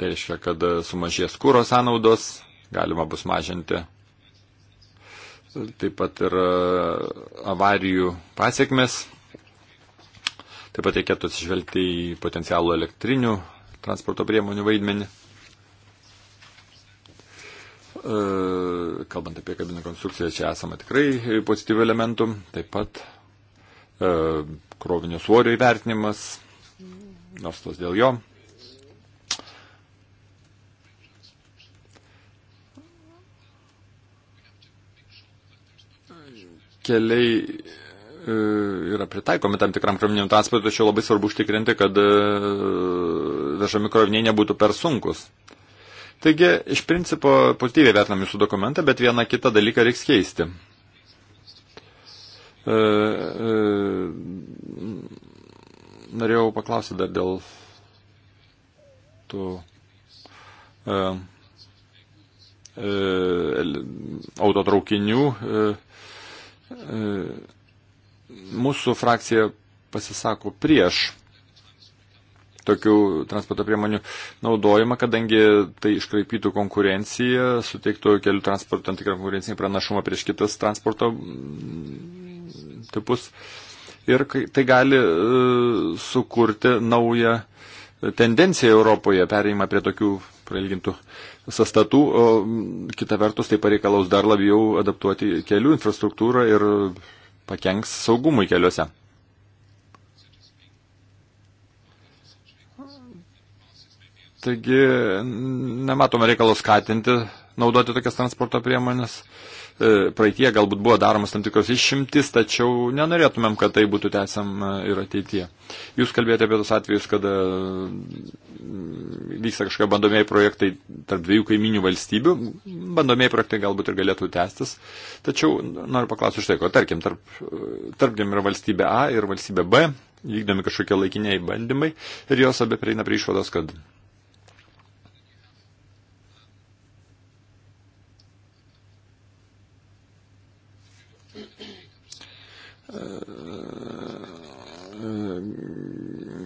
tai reiškia, kad sumažės kūro sąnaudos, galima bus mažinti taip pat ir e, avarijų pasiekmes. Taip pat reikėtų atsižvelgti į potencialų elektrinių transporto priemonių vaidmenį. E, kalbant apie kabinų konstrukciją, čia esama tikrai pozityvių elementų, taip pat e, krovinio svorio įvertinimas, nors tos dėl jo. Keliai e, yra pritaikomi tam tikram kroviniam transportui, tačiau labai svarbu užtikrinti, kad vežami kroviniai nebūtų per sunkus. Taigi, iš principo, pozityviai vertinam jūsų dokumentą, bet vieną kitą dalyką reiks keisti. E, e, norėjau paklausyti dar dėl tų e, e, autotraukinių. E, e, mūsų frakcija pasisako prieš tokių transporto priemonių naudojimą, kadangi tai iškraipytų konkurenciją, suteiktų kelių transporto tam tikrą konkurencinį pranašumą prieš kitas transporto mm, tipus. Ir tai gali e, sukurti naują e, tendenciją Europoje, pereimą prie tokių prailgintų sastatų, o mm, kita vertus tai pareikalaus dar labiau adaptuoti kelių infrastruktūrą ir pakenks saugumui keliuose. Taigi nematome reikalo skatinti naudoti tokias transporto priemonės. E, praeitie galbūt buvo daromas tam tikros išimtis, tačiau nenorėtumėm, kad tai būtų tęsiam ir ateityje. Jūs kalbėjote apie tos atvejus, kada e, vyksta kažkokie bandomieji projektai tarp dviejų kaiminių valstybių. Bandomieji projektai galbūt ir galėtų tęstis. Tačiau noriu paklausti štai ko. Tarkim, tarp, tarpkim yra valstybė A ir valstybė B, vykdomi kažkokie laikiniai bandymai ir jos abie prieina prie išvados, kad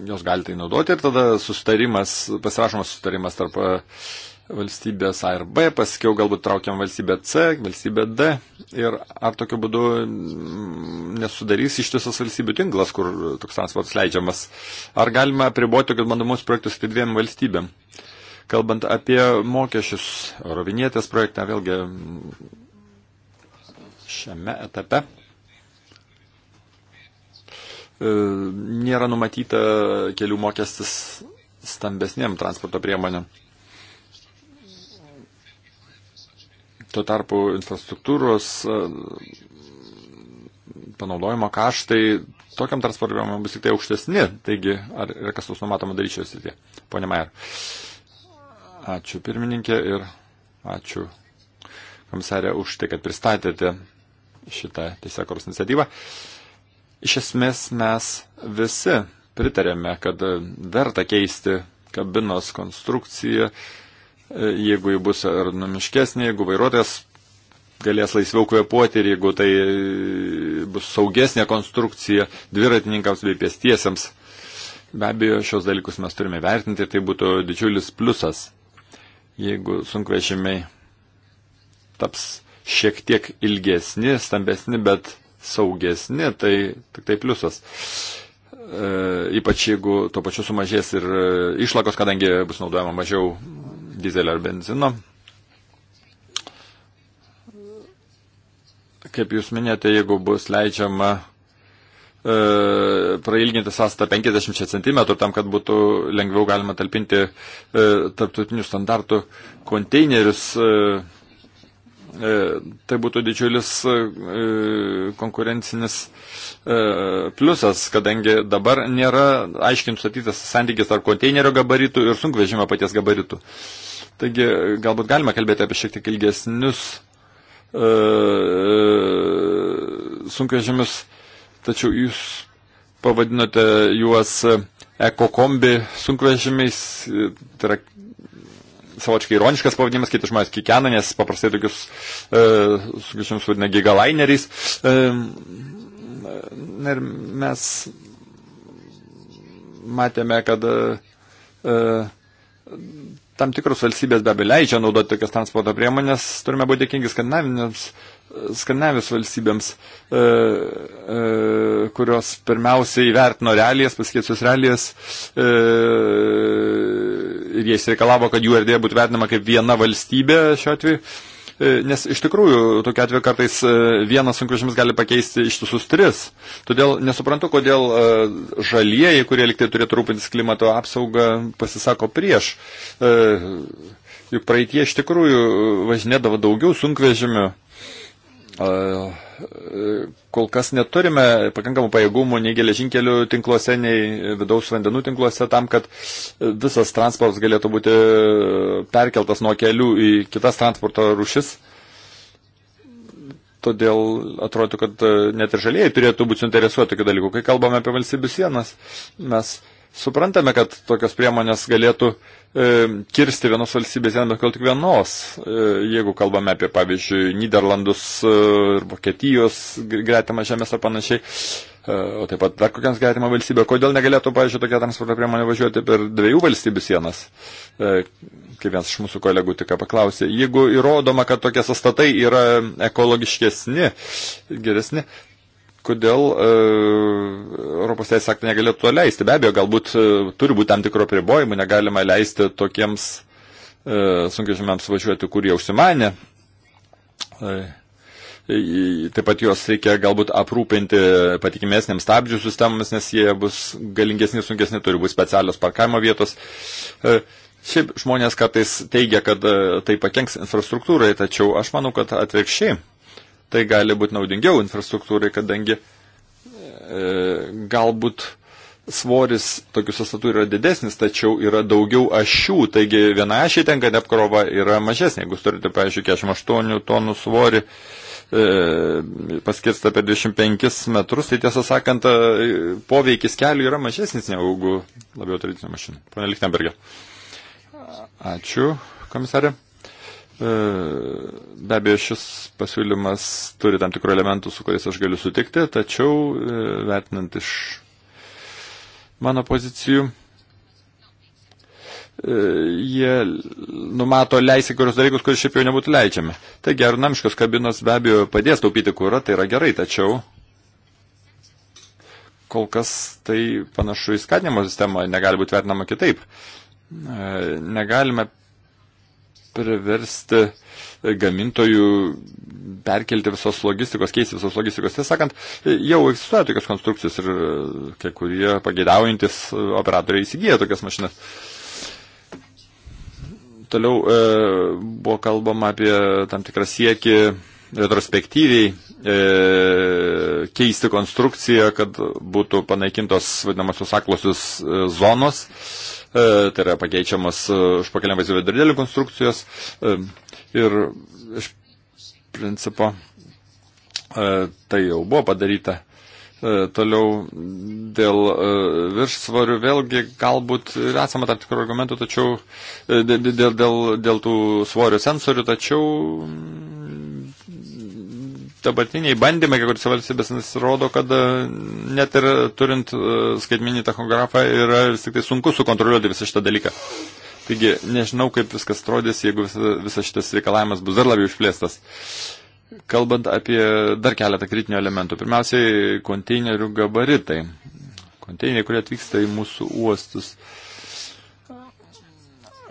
jos gali tai naudoti ir tada susitarimas, pasirašomas susitarimas tarp e, valstybės A ir B, paskiau galbūt traukiam valstybę C, valstybę D ir ar tokiu būdu mm, nesudarys ištisas valstybių tinklas, kur toks transportas leidžiamas, ar galima apriboti tokius bandomus projektus tik dviem valstybėm. Kalbant apie mokesčius, Eurovinietės projektą vėlgi mm, šiame etape E, nėra numatyta kelių mokestis stambesniem transporto priemonėm. Tuo tarpu infrastruktūros e, panaudojimo kaštai tokiam transporto priemonėm bus tik tai aukštesni. Taigi, ar yra kas nors numatoma daryti šios srityje? Pone Majer. Ačiū pirmininkė ir ačiū komisarė už tai, kad pristatėte šitą teisėkoros iniciatyvą. Uh, Iš esmės mes visi pritarėme, kad verta keisti kabinos konstrukciją, jeigu ji bus ergonomiškesnė, jeigu vairuotojas galės laisviau kvepuoti ir jeigu tai bus saugesnė konstrukcija dviratininkams bei pėstiesiams. Be abejo, šios dalykus mes turime vertinti, tai būtų didžiulis pliusas, jeigu sunkvežimiai taps šiek tiek ilgesni, stambesni, bet saugesni, tai tik tai pliusas. E, ypač jeigu tuo pačiu sumažės ir e, išlakos, kadangi bus naudojama mažiau dizelio ar benzino. Kaip jūs minėjote, jeigu bus leidžiama e, prailginti sąstą 50 cm tam, kad būtų lengviau galima talpinti e, tarptautinių standartų konteinerius. E, E, tai būtų didžiulis e, konkurencinis e, pliusas, kadangi dabar nėra aiškiai nustatytas santykis tarp konteinerio gabaritų ir sunkvežimio paties gabaritų. Taigi galbūt galima kalbėti apie šiek tiek ilgesnius sunkvežimius, tačiau jūs pavadinote juos ekokombi sunkvežimiais, tai yra savočkai ironiškas pavadinimas, kiti žmonės kikena, nes paprastai tokius, e, tokius jums vadina gigalaineriais. E, ir mes matėme, kad e, tam tikros valstybės be abejo leidžia naudoti tokias transporto priemonės, turime būti dėkingi skandinaviniams Skandinavijos valstybėms, e, e, kurios pirmiausiai įvertino realijas, pasikėtusios realijas e, ir jais reikalavo, kad jų erdvė būtų vertinama kaip viena valstybė šiuo atveju. E, E, nes iš tikrųjų tokia atveju kartais e, vienas sunkvežimis gali pakeisti ištisus tris. Todėl nesuprantu, kodėl e, žalieji, kurie liktai turėtų rūpintis klimato apsaugą, pasisako prieš. Juk praeitie iš tikrųjų važinėdavo daugiau sunkvežimių kol kas neturime pakankamų pajėgumų nei geležinkelių tinkluose, nei vidaus vandenų tinkluose tam, kad visas transportas galėtų būti perkeltas nuo kelių į kitas transporto rušis. Todėl atrodo, kad net ir žalieji turėtų būti suinteresuoti tokių dalykų. Kai kalbame apie valstybių sienas, mes suprantame, kad tokios priemonės galėtų uh, E, kirsti vienos valstybės sieną, bet kol tik vienos. E, jeigu kalbame apie, pavyzdžiui, Niderlandus e, ir Vokietijos gretimą žemės ar panašiai, o taip pat dar kokiams gretimą valstybę, kodėl negalėtų, pavyzdžiui, tokia transporto priemonė važiuoti per dviejų valstybių sienas, kaip vienas iš mūsų kolegų tik paklausė. Jeigu įrodoma, kad tokie sastatai yra ekologiškesni, geresni, kodėl e, Europos teisės aktai negalėtų to leisti. Be abejo, galbūt e, turi būti tam tikro pribojimų, negalima leisti tokiems e, sunkvežimiams važiuoti, kur jie užsimanė. E, Taip pat juos reikia galbūt aprūpinti patikimesnėms stabdžių sistemomis, nes jie bus galingesni, sunkesni, turi būti specialios parkavimo vietos. E, šiaip žmonės kartais teigia, kad e, tai pakenks infrastruktūrai, tačiau aš manau, kad atvirkščiai tai gali būti naudingiau infrastruktūrai, kadangi e, galbūt svoris tokių sastatų yra didesnis, tačiau yra daugiau ašių, taigi viena ašiai tenka apkrova yra mažesnė. Jeigu turite, pavyzdžiui, 48 tonų svorį, e, paskirsta per 25 metrus, tai tiesą sakant, e, poveikis kelių yra mažesnis negu labiau tradicinė mašina. Pane Lichtenbergė. Ačiū, komisarė. E, be abejo, šis pasiūlymas turi tam tikrų elementų, su kuriais aš galiu sutikti, tačiau e, vertinant iš mano pozicijų, e, jie numato leisti kurios dalykus, kurie šiaip jau nebūtų leidžiami. Taigi, aeronamiškos kabinos be abejo padės taupyti kūrą, tai yra gerai, tačiau kol kas tai panašu į skatinimo sistemą negali būti vertinama kitaip. Negalime priversti gamintojų perkelti visos logistikos, keisti visos logistikos. Tiesą sakant, jau egzistuoja tokios konstrukcijos ir kai kurie pageidaujantis operatoriai įsigyja tokias mašinas. Toliau e, buvo kalbama apie tam tikrą siekį retrospektyviai e, keisti konstrukciją, kad būtų panaikintos vadinamosios aklosios e, zonos, e, tai yra pakeičiamas e, užpakeliam vaizdo vidurdėlių konstrukcijos e, ir iš principo e, tai jau buvo padaryta. E, toliau dėl e, viršsvarių vėlgi galbūt ir esama tam tikrų argumentų, tačiau e, dėl, dėl, dėl tų svorio sensorių, tačiau dabartiniai bandymai, kai kuriuose valstybės rodo, kad e, net ir turint e, skaitminį tachografą yra vis tik tai sunku sukontroliuoti visą šitą dalyką. Taigi, nežinau, kaip viskas atrodys, jeigu visas šitas reikalavimas bus dar labiau išplėstas. Kalbant apie dar keletą kritinių elementų. Pirmiausiai, konteinerių gabaritai. Konteineriai, kurie atvyksta į mūsų uostus.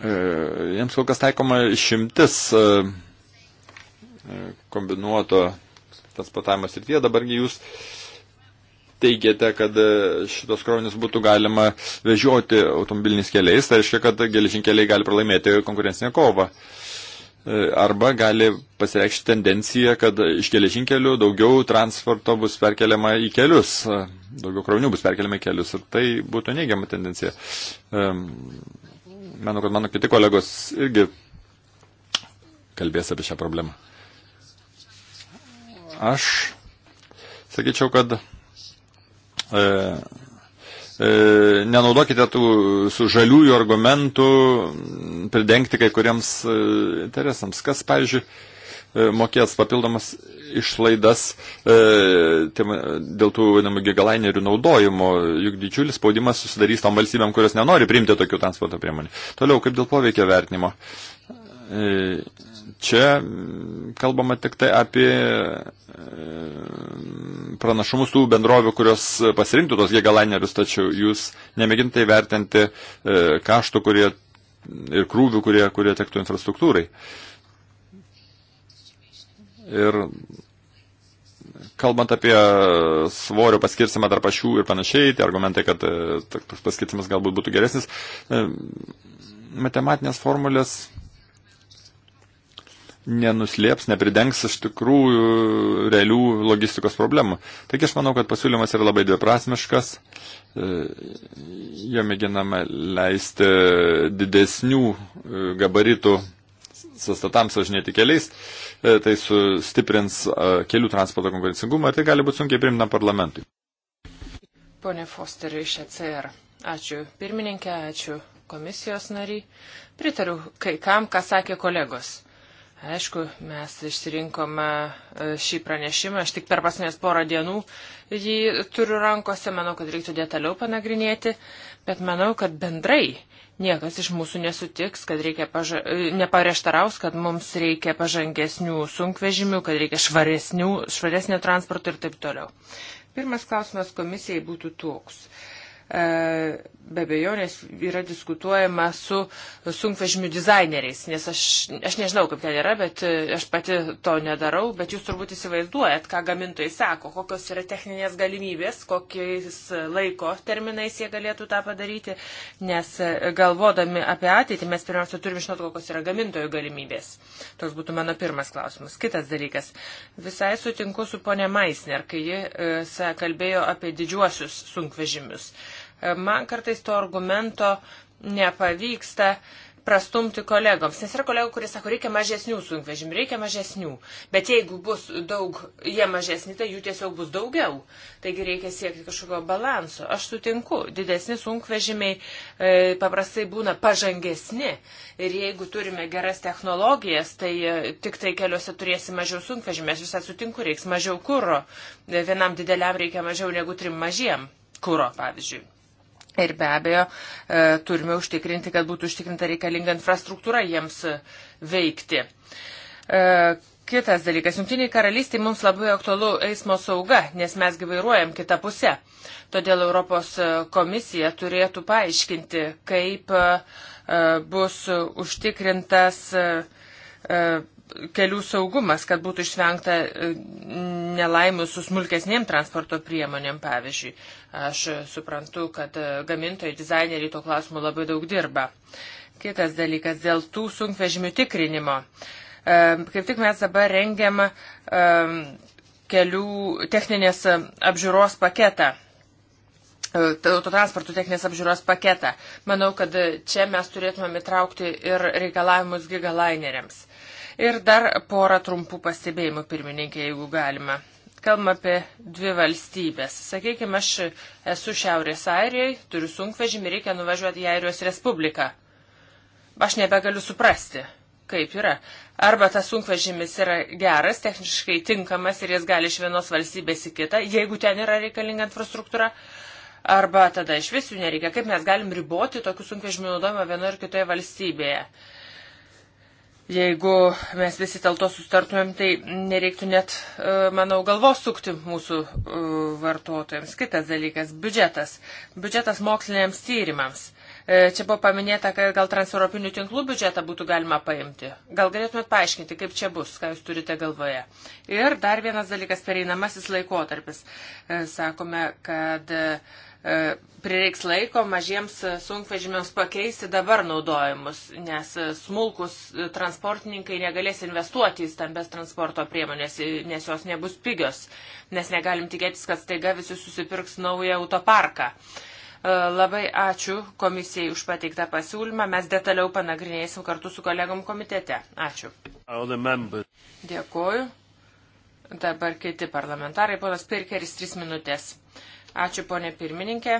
E, jiems kol kas taikoma išimtis kombinuoto transportavimo srityje. Dabargi jūs teigiate, kad e, šitos krovinius būtų galima vežioti automobiliniais keliais, tai reiškia, kad geležinkeliai gali pralaimėti konkurencinę kovą. E, arba gali pasireikšti tendencija, kad iš geležinkelių daugiau transporto bus perkeliama į kelius, e, daugiau krovinių bus perkeliama į kelius ir tai būtų neigiama tendencija. Manau, kad mano kiti kolegos irgi kalbės apie šią problemą. Aš sakyčiau, kad e, e, nenaudokite tų su žaliųjų argumentų pridengti kai kuriems e, interesams. Kas, pavyzdžiui, e, mokės papildomas išlaidas e, tėm, tai dėl tų vadinamų gigalainerių naudojimo, juk didžiulis spaudimas susidarys tom valstybėm, kurios nenori priimti tokių transporto priemonių. Toliau, kaip dėl poveikio vertinimo. E, Čia kalbama tik tai apie e, pranašumus tų bendrovių, kurios pasirinktų tos gigalainerius, tačiau jūs nemėgintai vertinti e, kaštų kurie, ir krūvių, kurie, kurie tektų infrastruktūrai. Ir kalbant apie svorio paskirsimą tarp pačių ir panašiai, tie argumentai, kad e, toks paskirsimas galbūt būtų geresnis, matematinės formulės nenuslėps, nepridengs iš tikrųjų realių logistikos problemų. Taigi aš manau, kad pasiūlymas yra labai dviprasmiškas, e, jo mėginama leisti didesnių e, gabaritų sastatams važinėti keliais, e, tai sustiprins kelių transporto konkurencingumą ir tai gali būti sunkiai primina parlamentui. Pone Fosteriu iš ECR, ačiū pirmininkė, ačiū komisijos nariai. Pritariu kai kam, ką sakė kolegos. Aišku, mes išsirinkome e, šį pranešimą, aš tik per pasinės porą dienų jį turiu rankose, manau, kad reiktų detaliau panagrinėti, bet manau, kad bendrai niekas iš mūsų nesutiks, kad reikia paža... E, nepareštaraus, kad mums reikia pažangesnių sunkvežimių, kad reikia švaresnių, švaresnio transporto ir taip toliau. Pirmas klausimas komisijai būtų toks. Uh, E, be bejonės yra diskutuojama su sunkvežimių dizaineriais, nes aš, aš nežinau, kaip ten yra, bet e, aš pati to nedarau, bet jūs turbūt įsivaizduojat, ką gamintojai sako, kokios yra techninės galimybės, kokiais laiko terminais jie galėtų tą padaryti, nes e, galvodami apie ateitį mes pirmiausia turime žinoti, kokios yra gamintojų galimybės. Toks būtų mano pirmas klausimas. Kitas dalykas. Visai sutinku su ponė Maisner, kai ji kalbėjo apie didžiuosius sunkvežimius. Man kartais to argumento nepavyksta prastumti kolegoms. Nes yra kolegų, kurie sako, reikia mažesnių sunkvežimių, reikia mažesnių. Bet jeigu bus daug, jie mažesni, tai jų tiesiog bus daugiau. Taigi reikia siekti kažkokio balanso. Aš sutinku, didesni sunkvežimiai e, paprastai būna pažangesni. Ir jeigu turime geras technologijas, tai e, tik tai keliuose turėsi mažiau sunkvežimių. Aš visą sutinku, reiks mažiau kūro. E, vienam dideliam reikia mažiau negu trim mažiem kūro, pavyzdžiui. Ir be abejo, e, turime užtikrinti, kad būtų užtikrinta reikalinga infrastruktūra jiems veikti. E, kitas dalykas, Junktiniai karalystiai mums labai aktualu eismo sauga, nes mes gyvairuojam kitą pusę. Todėl Europos komisija turėtų paaiškinti, kaip e, bus užtikrintas kelių saugumas, kad būtų išvengta e, nelaimių su smulkesnėm transporto priemonėm, pavyzdžiui. Aš suprantu, kad e, gamintojai, dizaineriai to klausimu labai daug dirba. Kitas dalykas dėl tų sunkvežimių tikrinimo. E, kaip tik mes dabar rengiam kelių techninės apžiūros paketą autotransporto techninės apžiūros paketą. Manau, kad čia mes turėtumėm įtraukti ir reikalavimus gigalaineriams. Ir dar porą trumpų pastebėjimų, pirmininkė, jeigu galima. Kalbam apie dvi valstybės. Sakykime, aš esu Šiaurės Airijai, turiu sunkvežimį, reikia nuvažiuoti į Airijos Respubliką. Aš nebegaliu suprasti, kaip yra. Arba tas sunkvežimis yra geras, techniškai tinkamas ir jis gali iš vienos valstybės į kitą, jeigu ten yra reikalinga infrastruktūra, arba tada iš vis jų nereikia. Kaip mes galim riboti tokių sunkvežimių naudojimą vienoje ir kitoje valstybėje? Jeigu mes visi dėl to sustartumėm, tai nereiktų net, e, manau, galvos sukti mūsų e, vartotojams. Kitas dalykas - biudžetas. Biudžetas moksliniams tyrimams. E, čia buvo paminėta, kad gal transeuropinių tinklų biudžetą būtų galima paimti. Gal galėtumėt paaiškinti, kaip čia bus, ką jūs turite galvoje. Ir dar vienas dalykas - pereinamasis laikotarpis. Sakome, kad E, prireiks laiko mažiems e, sunkvežimiams pakeisti dabar naudojimus, nes e, smulkus transportininkai negalės investuoti į stambes transporto priemonės, nes jos nebus pigios, nes negalim tikėtis, kad staiga visi susipirks naują autoparką. Labai ačiū komisijai už pateiktą pasiūlymą. Mes detaliau panagrinėsim kartu su kolegom komitete. Ačiū. Dėkuoju. Dabar kiti parlamentarai. Ponas Pirkeris, trys minutės. Ačiū, ponė pirmininkė.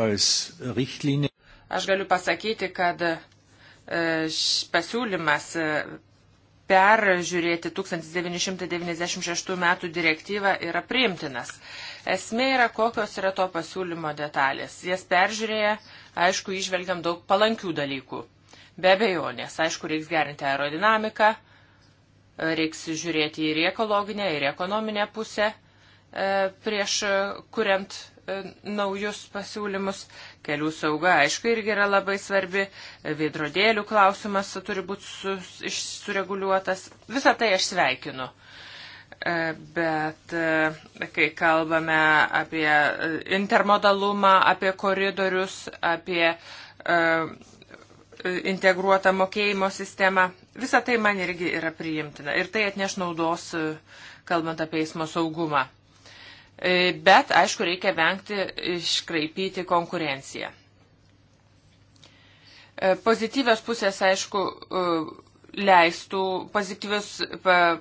Aš galiu pasakyti, kad e, pasiūlymas e, peržiūrėti 1996 metų direktyvą yra priimtinas. Esmė yra, kokios yra to pasiūlymo detalės. Jas peržiūrėję, aišku, išvelgiam daug palankių dalykų. Be abejonės, aišku, reiks gerinti aerodinamiką, Reiks žiūrėti ir į ekologinę, ir į ekonominę pusę e, prieš e, kuriant e, naujus pasiūlymus. Kelių sauga, aišku, irgi yra labai svarbi. Vidrodėlių klausimas turi būti sureguliuotas. Visą tai aš sveikinu. Bet kai kalbame apie intermodalumą, apie koridorius, apie integruotą mokėjimo sistemą, Visa tai man irgi yra priimtina ir tai atneš naudos, e, kalbant apie eismo saugumą. E, bet, aišku, reikia vengti iškraipyti konkurenciją. E, pozityvios pusės, aišku, leistų, pozityvios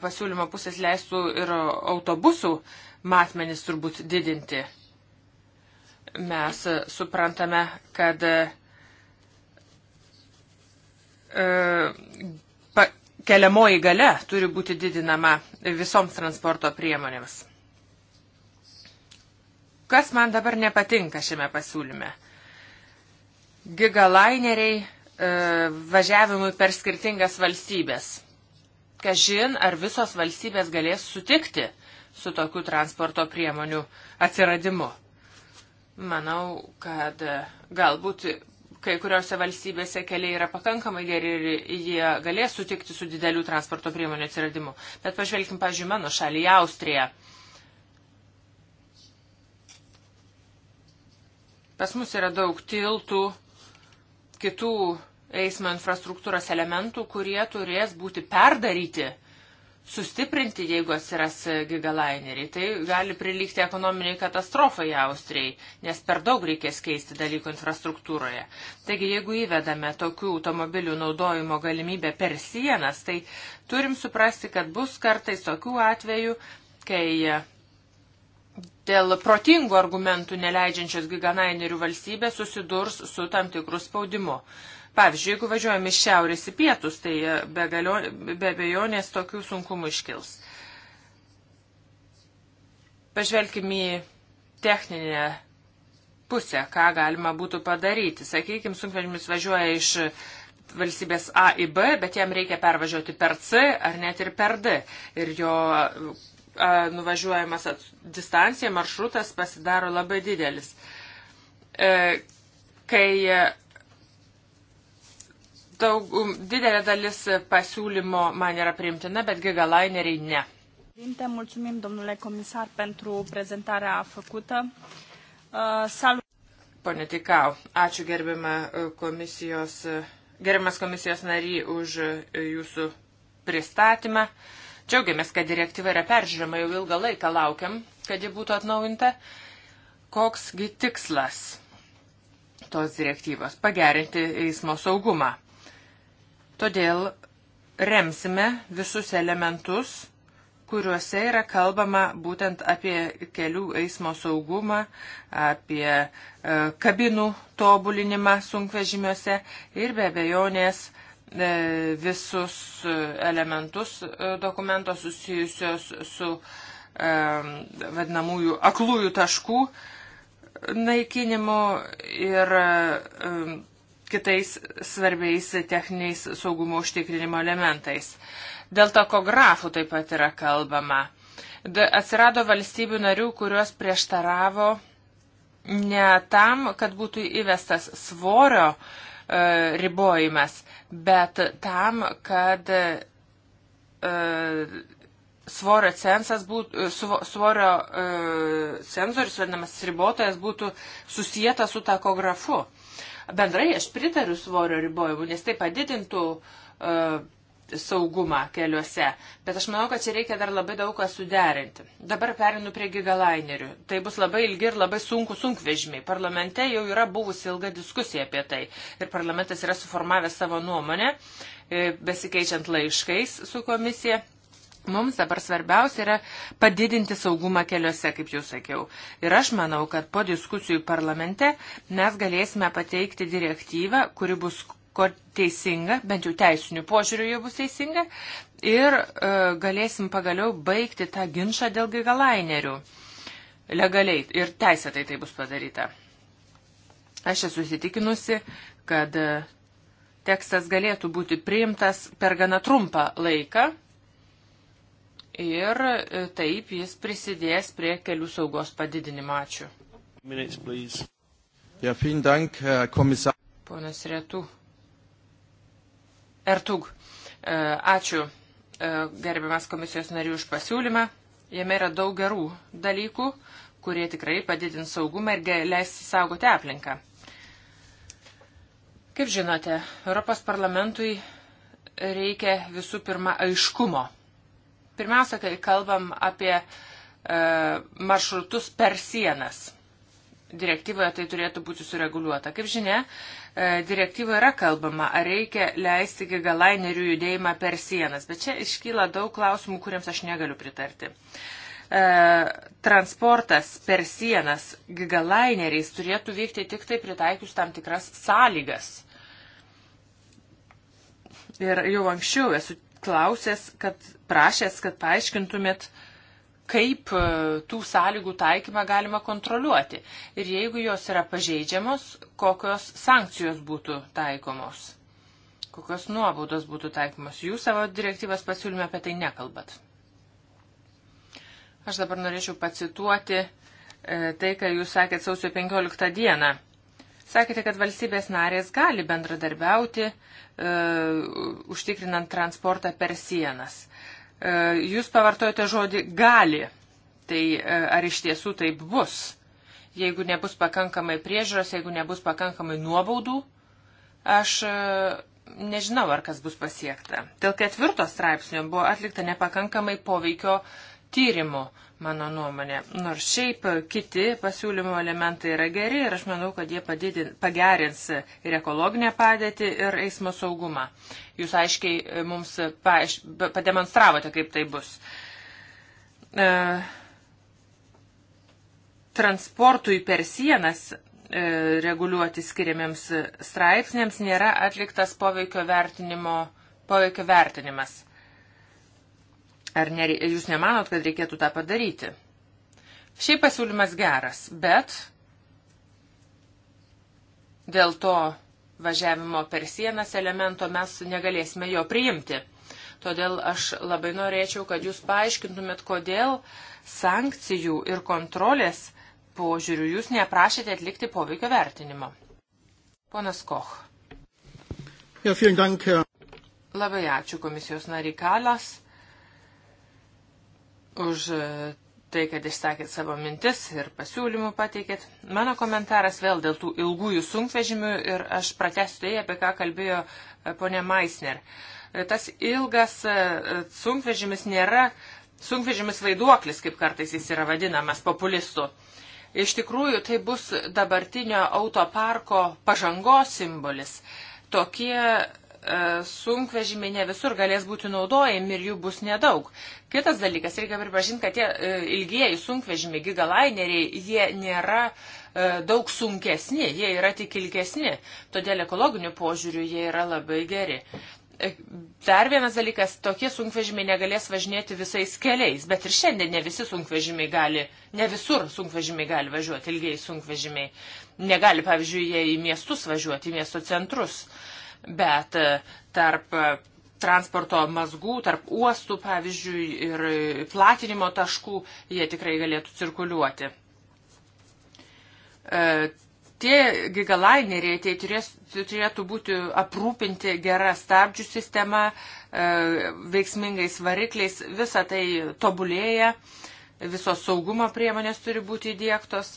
pasiūlymo pusės leistų ir autobusų matmenis turbūt didinti. Mes suprantame, kad keliamoji gale turi būti didinama visoms transporto priemonėms. Kas man dabar nepatinka šiame pasiūlyme? Gigalaineriai e, važiavimui per skirtingas valstybės. Kažin, ar visos valstybės galės sutikti su tokiu transporto priemonių atsiradimu. Manau, kad e, galbūt Kai kuriuose valstybėse keliai yra pakankamai geri ir jie galės sutikti su didelių transporto priemonių atsiradimu. Bet pažvelkim, pažiūrėjau, mano šalį, Austriją. Pas mus yra daug tiltų, kitų eismo infrastruktūros elementų, kurie turės būti perdaryti sustiprinti, jeigu atsiras e, gigalaineriai. Tai gali prilygti ekonominiai katastrofai Austrijai, nes per daug reikės keisti dalykų infrastruktūroje. Taigi, jeigu įvedame tokių automobilių naudojimo galimybę per sienas, tai turim suprasti, kad bus kartais tokių atvejų, kai e, dėl protingų argumentų neleidžiančios gigalainerių valstybė susidurs su tam tikrų spaudimu. Pavyzdžiui, jeigu važiuojam iš šiaurės į pietus, tai e, be, galio, be bejonės tokių sunkumų iškils. Pažvelkim į techninę pusę, ką galima būtų padaryti. Sakykime, sunkvežimis važiuoja iš valstybės A į B, bet jam reikia pervažiuoti per C ar net ir per D. Ir jo a, nuvažiuojamas at, distancija, maršrutas pasidaro labai didelis. E, kai e, Daug, um, didelė dalis pasiūlymo man yra priimtina, bet gigalaineriai ne. Mulțumim, domnule comisar, pentru prezentarea făcută. Uh, salut! Pone Tikau, ačiū gerbima uh, komisijos, uh, gerbimas komisijos nary už jūsų pristatymą. Džiaugiamės, kad direktyva yra peržiūrima, jau ilgą laiką laukiam, kad ji būtų atnaujinta. Koksgi tikslas tos direktyvos? Pagerinti eismo saugumą. Todėl remsime visus elementus, kuriuose yra kalbama būtent apie kelių eismo saugumą, apie e, kabinų tobulinimą sunkvežimiuose ir be abejonės e, visus e, elementus e, dokumento susijusios su e, vadinamųjų aklųjų taškų e, naikinimu ir kitais svarbiais techniniais saugumo užtikrinimo elementais. Dėl takografų taip pat yra kalbama. Atsirado valstybių narių, kurios prieštaravo ne tam, kad būtų įvestas svorio e, ribojimas, bet tam, kad e, svorio censas būtų, e, svorio e, cenzorius, vadinamas ribotojas, būtų susijęta su takografu. Bendrai aš pritariu svorio ribojimu, nes tai padidintų uh, saugumą keliuose, bet aš manau, kad čia reikia dar labai daug ką suderinti. Dabar perinu prie gigalainerių. Tai bus labai ilgi ir labai sunku sunkvežimiai. Parlamente jau yra buvusi ilga diskusija apie tai ir parlamentas yra suformavęs savo nuomonę, e, besikeičiant laiškais su komisija. Mums dabar svarbiausia yra padidinti saugumą keliuose, kaip jau sakiau. Ir aš manau, kad po diskusijų parlamente mes galėsime pateikti direktyvą, kuri bus teisinga, bent jau teisinių požiūrių jau bus teisinga, ir e, galėsim pagaliau baigti tą ginčą dėl gigalainerių legaliai ir teisėtai tai bus padaryta. Aš esu įsitikinusi, kad e, tekstas galėtų būti priimtas per gana trumpą laiką ir e, taip jis prisidės prie kelių saugos padidinimo. Ačiū. Minutes, ja, dank, komisar... Ponas Retų. Ertug. E, ačiū e, gerbiamas komisijos narių už pasiūlymą. Jame yra daug gerų dalykų, kurie tikrai padidins saugumą ir leis saugoti aplinką. Kaip žinote, Europos parlamentui reikia visų pirma aiškumo Pirmiausia, kai kalbam apie e, maršrutus per sienas. Direktyvoje tai turėtų būti sureguliuota. Kaip žinia, e, direktyvoje yra kalbama, ar reikia leisti gigalainerių judėjimą per sienas, bet čia iškyla daug klausimų, kuriems aš negaliu pritarti. E, transportas per sienas gigalaineriais turėtų vykti tik tai pritaikius tam tikras sąlygas. Ir jau anksčiau esu klausęs, kad prašęs, kad paaiškintumėt, kaip e, tų sąlygų taikymą galima kontroliuoti ir jeigu jos yra pažeidžiamos, kokios sankcijos būtų taikomos, kokios nuobaudos būtų taikomos. Jūs savo direktyvas pasiūlyme apie tai nekalbat. Aš dabar norėčiau pacituoti e, tai, ką jūs sakėt sausio 15 dieną. Sakėte, kad valstybės narės gali bendradarbiauti, e, užtikrinant transportą per sienas. E, jūs pavartojate žodį gali. Tai e, ar iš tiesų taip bus? Jeigu nebus pakankamai priežiūros, jeigu nebus pakankamai nuobaudų, aš e, nežinau, ar kas bus pasiekta. Dėl ketvirto straipsnio buvo atlikta nepakankamai poveikio tyrimų. E, mano nuomonė. Nors šiaip kiti pasiūlymo elementai yra geri ir aš manau, kad jie padidin, pagerins ir ekologinę padėtį, ir eismo saugumą. Jūs aiškiai e, mums paaiš, pademonstravote, kaip tai bus. E, transportui per sienas e, reguliuoti skiriamiems straipsniams nėra atliktas poveikio, poveikio vertinimas. Ar ne, jūs nemanot, kad reikėtų tą padaryti? Šiaip pasiūlymas geras, bet dėl to važiavimo per sienas elemento mes negalėsime jo priimti. Todėl aš labai norėčiau, kad jūs paaiškintumėt, kodėl sankcijų ir kontrolės požiūrių jūs neprašėte atlikti poveikio vertinimo. Ponas Koch. Ja, dank, Labai ačiū komisijos nariai Kalas už e, tai, kad išsakėt savo mintis ir pasiūlymų pateikėt. Mano komentaras vėl dėl tų ilgųjų sunkvežimių ir aš pratęsiu tai, apie ką kalbėjo e, ponė Maisner. E, tas ilgas sunkvežimis nėra sunkvežimis vaiduoklis, kaip kartais jis yra vadinamas populistų. Iš tikrųjų, tai bus dabartinio autoparko pažangos simbolis. Tokie E, sunkvežimiai ne visur galės būti naudojami ir jų bus nedaug. Kitas dalykas, reikia pripažinti, kad tie e, ilgieji sunkvežimiai, gigalaineriai, jie nėra e, daug sunkesni, jie yra tik ilgesni, todėl ekologiniu požiūriu jie yra labai geri. Dar vienas dalykas, tokie sunkvežimiai negalės važinėti visais keliais, bet ir šiandien ne visi sunkvežimiai gali, ne visur sunkvežimiai gali važiuoti, ilgiai sunkvežimiai negali, pavyzdžiui, jie į miestus važiuoti, į miesto centrus. Uh, bet e, tarp e, transporto mazgų, tarp uostų, pavyzdžiui, ir e, platinimo taškų jie tikrai galėtų cirkuliuoti. Tie gigalaineriai tai turės, turėtų būti aprūpinti gerą stabdžių sistemą, veiksmingais varikliais, visa tai tobulėja, visos saugumo priemonės turi būti įdėktos.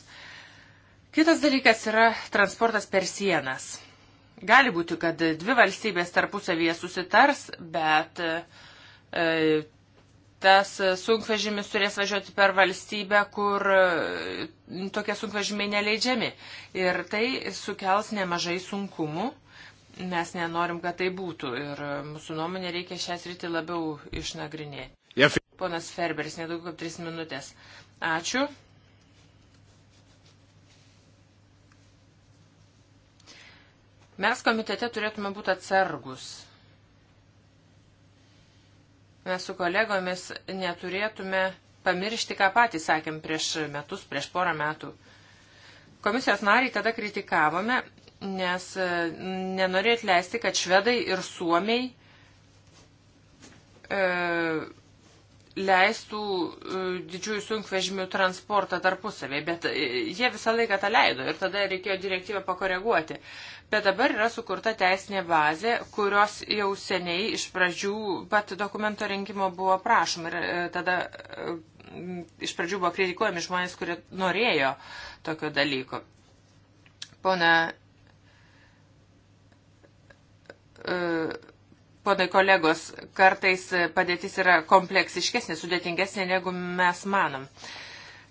Kitas dalykas yra transportas per sienas Gali būti, kad dvi valstybės tarpusavyje susitars, bet e, tas sunkvežimis turės važiuoti per valstybę, kur e, tokie sunkvežimiai neleidžiami. Ir tai sukels nemažai sunkumų. Mes nenorim, kad tai būtų. Ir mūsų nuomonė reikia šią sritį labiau išnagrinėti. Ponas Ferberis, nedaugiau kaip tris minutės. Ačiū. Mes komitete turėtume būti atsargus. Mes su kolegomis neturėtume pamiršti, ką patys sakėm prieš metus, prieš porą metų. Komisijos nariai tada kritikavome, nes e, nenorėt leisti, kad švedai ir suomiai e, leistų e, didžiųjų sunkvežimių transportą tarpusavėje, bet e, jie visą laiką tą leido ir tada reikėjo direktyvą pakoreguoti. Bet dabar yra sukurta teisinė bazė, kurios jau seniai iš pradžių pat dokumento rinkimo buvo prašoma. Ir e, tada e, iš pradžių buvo kritikuojami žmonės, kurie norėjo tokio dalyko. Pone, e, ponai kolegos, kartais padėtis yra kompleksiškesnė, sudėtingesnė, negu mes manom. Uh,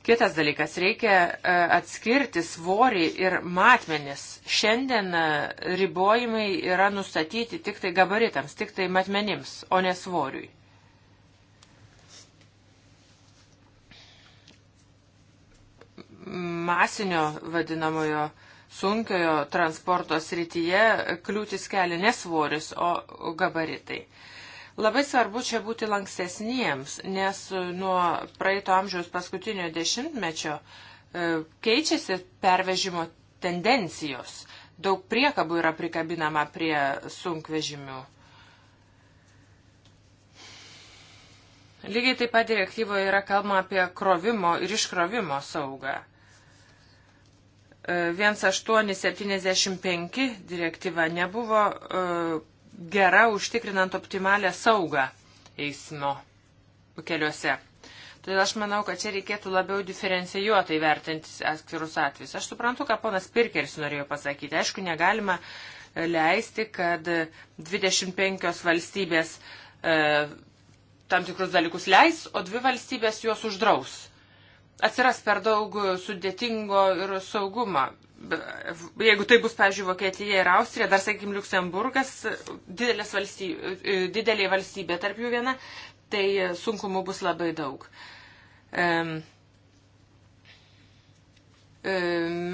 Kitas dalykas, reikia e, atskirti svorį ir matmenis. Šiandien e, ribojimai yra nustatyti tik tai gabaritams, tik tai matmenims, o ne svoriui. Masinio vadinamojo sunkiojo transporto srityje kliūtis kelia ne svoris, o gabaritai. Uh, Labai svarbu čia būti lankstesniems, nes nuo praeito amžiaus paskutinio dešimtmečio e, keičiasi pervežimo tendencijos. Daug priekabų yra prikabinama prie sunkvežimių. Lygiai taip pat direktyvoje yra kalbama apie krovimo ir iškrovimo saugą. 1875 e, direktyva nebuvo e, gera užtikrinant optimalę saugą eismo keliuose. Todėl aš manau, kad čia reikėtų labiau diferencijuotai vertinti atskirus atvejus. Aš suprantu, ką ponas Pirkeris norėjo pasakyti. Aišku, negalima e, leisti, kad 25 valstybės e, tam tikrus dalykus leis, o dvi valstybės juos uždraus. Atsiras per daug sudėtingo ir saugumo jeigu tai bus, pavyzdžiui, Vokietija ir Austrija, dar, sakykime, Luksemburgas, valstybė, e, didelė valstybė tarp jų viena, tai sunkumų bus labai daug. E,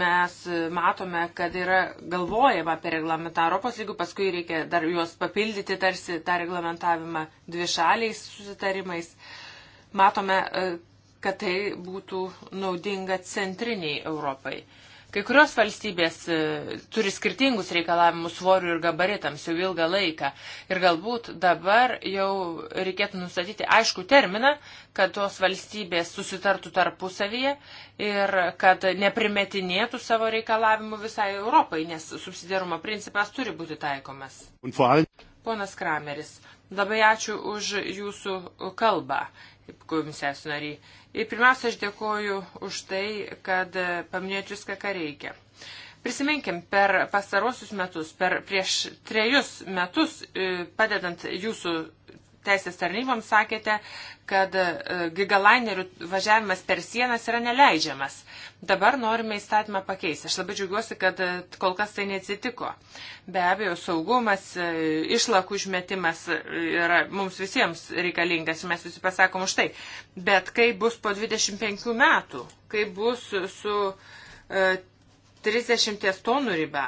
mes matome, kad yra galvojama apie reglamentą Europos, jeigu paskui reikia dar juos papildyti tarsi tą reglamentavimą dvišaliais susitarimais. Matome, e, kad tai būtų naudinga centriniai Europai. Uh, Kai kurios valstybės e, turi skirtingus reikalavimus svorių ir gabaritams jau ilgą laiką. Ir galbūt dabar jau reikėtų nustatyti aišku terminą, kad tos valstybės susitartų tarpusavyje ir kad neprimetinėtų savo reikalavimų visai Europai, nes subsidiarumo principas turi būti taikomas. Ponas Krameris, labai ačiū už jūsų kalbą, komisijos nariai. Ir pirmiausia, aš dėkoju už tai, kad e, paminėjot viską, ką reikia. Prisiminkim, per pastarosius metus, per prieš trejus metus, e, padedant jūsų teisės tarnyboms sakėte, kad e, gigalainerių važiavimas per sienas yra neleidžiamas. Dabar norime įstatymą pakeisti. Aš labai džiaugiuosi, kad e, kol kas tai neatsitiko. Be abejo, saugumas, e, išlakų išmetimas yra mums visiems reikalingas ir mes visi pasakom už tai. Bet kai bus po 25 metų, kai bus su 30 tonų riba,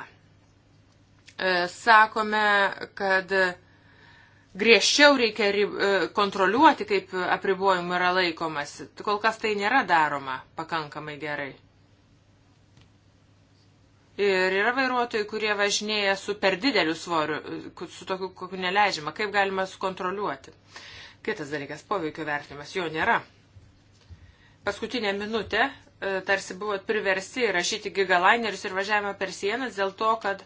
sakome, kad griežčiau reikia e, kontroliuoti, kaip apribojimų yra laikomasi. Kol kas tai nėra daroma pakankamai gerai. Ir yra vairuotojai, kurie važinėja su per dideliu svoriu, e, su tokiu, kokiu neleidžiama. Kaip galima sukontroliuoti? Kitas dalykas - poveikio vertinimas. Jo nėra. Paskutinė minutė e, tarsi buvot priversti rašyti gigalainerius ir važiavimą per sienas dėl to, kad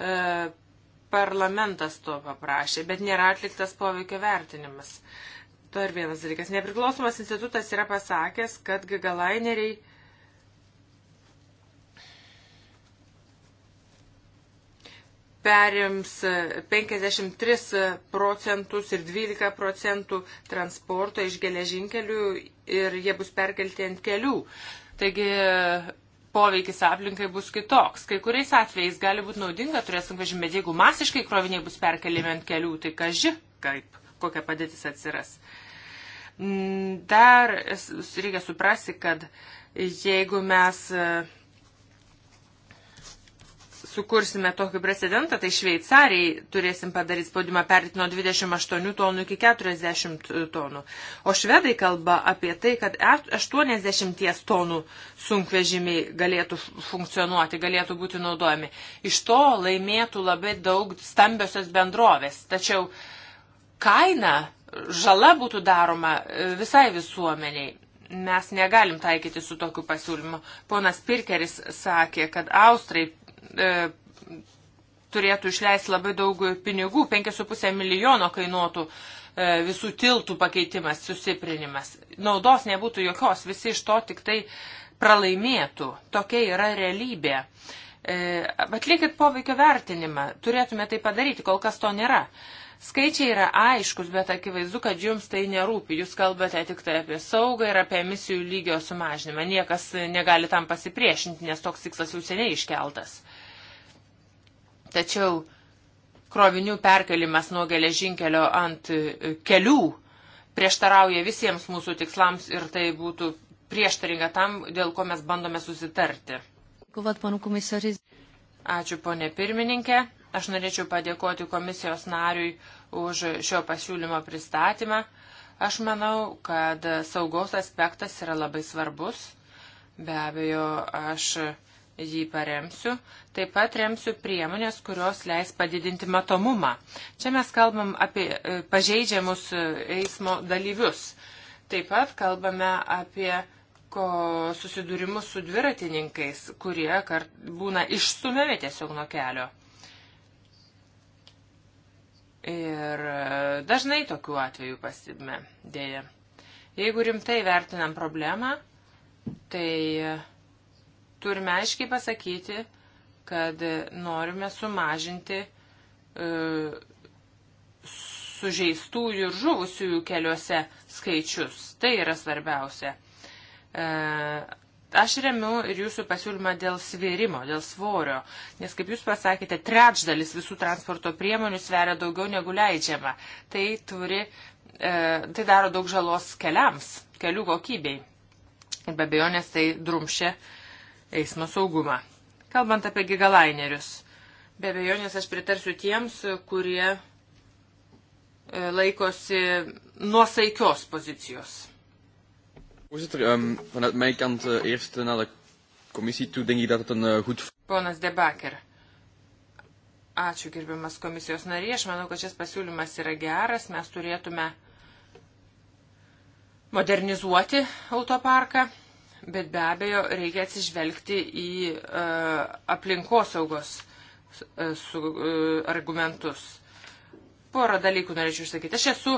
e, Parlamentas to paprašė, bet nėra atliktas poveikio vertinimas. Dar vienas dalykas. Nepriklausomas institutas yra pasakęs, kad gigalaineriai perims 53 procentus ir 12 procentų transporto iš geležinkelių ir jie bus perkelti ant kelių. Taigi poveikis aplinkai bus kitoks. Kai kuriais atvejais gali būti naudinga turės sunkvežimį, bet jeigu masiškai kroviniai bus perkeliami ant kelių, tai kaži, kaip, kokia padėtis atsiras. Mm, dar reikia suprasti, kad jeigu mes uh, sukursime tokį precedentą, tai Šveicarijai turėsim padaryti spaudimą perėti nuo 28 tonų iki 40 e, tonų. O švedai kalba apie tai, kad 80 e, tonų sunkvežimiai galėtų funkcionuoti, galėtų būti naudojami. Iš to laimėtų labai daug stambiosios bendrovės. Tačiau kaina, žala būtų daroma e, visai visuomeniai mes negalim taikyti su tokiu pasiūlymu. Ponas Pirkeris sakė, kad Austrai e, turėtų išleisti labai daug pinigų, 5,5 milijono kainuotų e, visų tiltų pakeitimas, susiprinimas. Naudos nebūtų jokios, visi iš to tik tai pralaimėtų. Tokia yra realybė. E, atlikit poveikio vertinimą, turėtume tai padaryti, kol kas to nėra. Skaičiai yra aiškus, bet akivaizdu, kad jums tai nerūpi. Jūs kalbate tik tai apie saugą ir apie emisijų lygio sumažinimą. Niekas negali tam pasipriešinti, nes toks tikslas jau seniai iškeltas. Tačiau krovinių perkelimas nuo geležinkelio ant e, kelių prieštarauja visiems mūsų tikslams ir tai būtų prieštaringa tam, dėl ko mes bandome susitarti. Ačiū, ponė pirmininkė. Aš norėčiau padėkoti komisijos nariui už šio pasiūlymo pristatymą. Aš manau, kad saugos aspektas yra labai svarbus. Be abejo, aš jį paremsiu. Taip pat remsiu priemonės, kurios leis padidinti matomumą. Čia mes kalbam apie e, pažeidžiamus e, eismo dalyvius. Taip pat kalbame apie susidūrimus su dviratininkais, kurie kart, būna išstumiami tiesiog nuo kelio. Ir e, dažnai tokių atvejų pastebime dėja. Jeigu rimtai vertinam problemą, tai Turime aiškiai pasakyti, kad norime sumažinti e, sužeistųjų ir žuvusiųjų keliuose skaičius. Tai yra svarbiausia. E, aš remiu ir jūsų pasiūlymą dėl svėrimo, dėl svorio, nes, kaip jūs pasakėte, trečdalis visų transporto priemonių sveria daugiau negu leidžiama. Tai, turi, e, tai daro daug žalos keliams, kelių kokybei. Ir be abejonės tai drumšia eismo saugumą. Kalbant apie gigalainerius, be abejonės aš pritarsiu tiems, kurie e, laikosi nuosaikios pozicijos. Voorzitter, um, vanuit mijn kant uh, eerst uh, naar de commissie toe denk ik dat het een uh, goed. Ponas Debaker. Ačiū gerbiamas komisijos narė, aš manau, kad šis pasiūlymas yra geras, mes turėtume modernizuoti autoparką bet be abejo reikia atsižvelgti į e, aplinkosaugos e, e, argumentus. Porą dalykų norėčiau išsakyti. Aš esu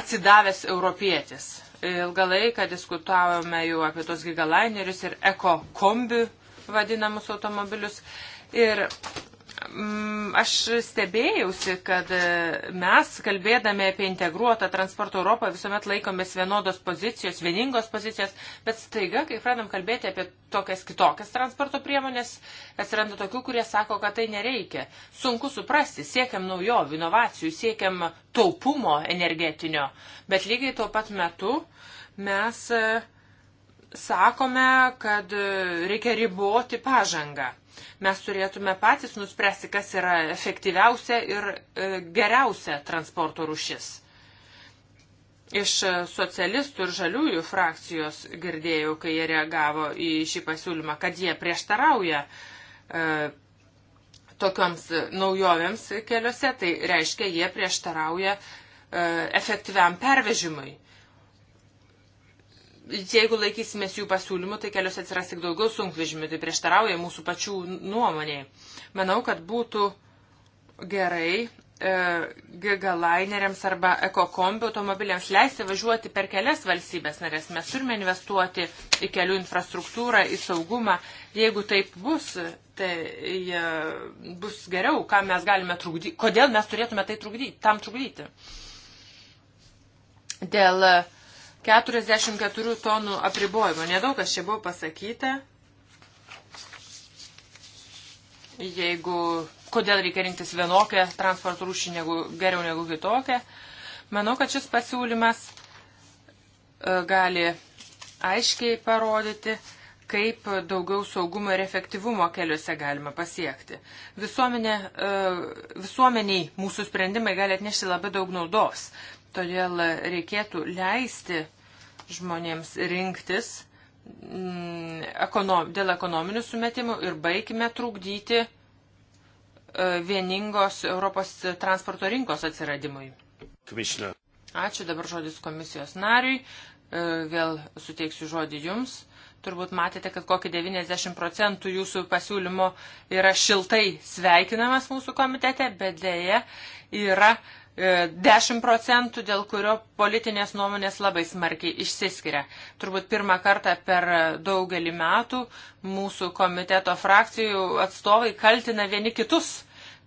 atsidavęs europietis. Ilgą laiką diskutavome jau apie tos gigalainerius ir eko kombių vadinamus automobilius. Ir Mm, aš stebėjausi, kad e, mes, kalbėdami apie integruotą transporto Europą, visuomet laikomės vienodos pozicijos, vieningos pozicijos, bet staiga, kai pradam kalbėti apie tokias kitokias transporto priemonės, atsiranda tokių, kurie sako, kad tai nereikia. Sunku suprasti, siekiam naujovių, inovacijų, siekiam taupumo energetinio, bet lygiai tuo pat metu mes e, sakome, kad e, reikia riboti pažangą. Mes turėtume patys nuspręsti, kas yra efektyviausia ir e, geriausia transporto rušis. Iš socialistų ir žaliųjų frakcijos girdėjau, kai jie reagavo į šį pasiūlymą, kad jie prieštarauja e, tokioms naujovėms keliuose, tai reiškia, jie prieštarauja e, efektyviam pervežimui jeigu laikysimės jų pasiūlymų, tai keliuose atsiras tik daugiau sunkvežimių, tai prieštarauja mūsų pačių nuomonėje. Manau, kad būtų gerai e, gigalaineriams arba ekokombi automobiliams leisti važiuoti per kelias valstybės narės. Mes turime investuoti į kelių infrastruktūrą, į saugumą. Jeigu taip bus, tai e, bus geriau, ką mes galime trukdyti, kodėl mes turėtume tai trukdyti, tam trukdyti. Dėl e, 44 tonų apribojimo. Nedaug kas čia buvo pasakyta. Jeigu, kodėl reikia rinktis vienokią transporto rūšį negu, geriau negu kitokią. Manau, kad šis pasiūlymas e, gali aiškiai parodyti, kaip daugiau saugumo ir efektyvumo keliuose galima pasiekti. Visuomenė, e, visuomeniai mūsų sprendimai gali atnešti labai daug naudos. Todėl reikėtų leisti žmonėms rinktis mm, ekonom, dėl ekonominių sumetimų ir baigime trukdyti e, vieningos Europos transporto rinkos atsiradimui. Komisina. Ačiū dabar žodis komisijos nariui. E, vėl suteiksiu žodį jums. Turbūt matėte, kad kokį 90 procentų jūsų pasiūlymo yra šiltai sveikinamas mūsų komitete, bet dėja yra 10 e, procentų, dėl kurio politinės nuomonės labai smarkiai išsiskiria. Turbūt pirmą kartą per daugelį metų mūsų komiteto frakcijų atstovai kaltina vieni kitus.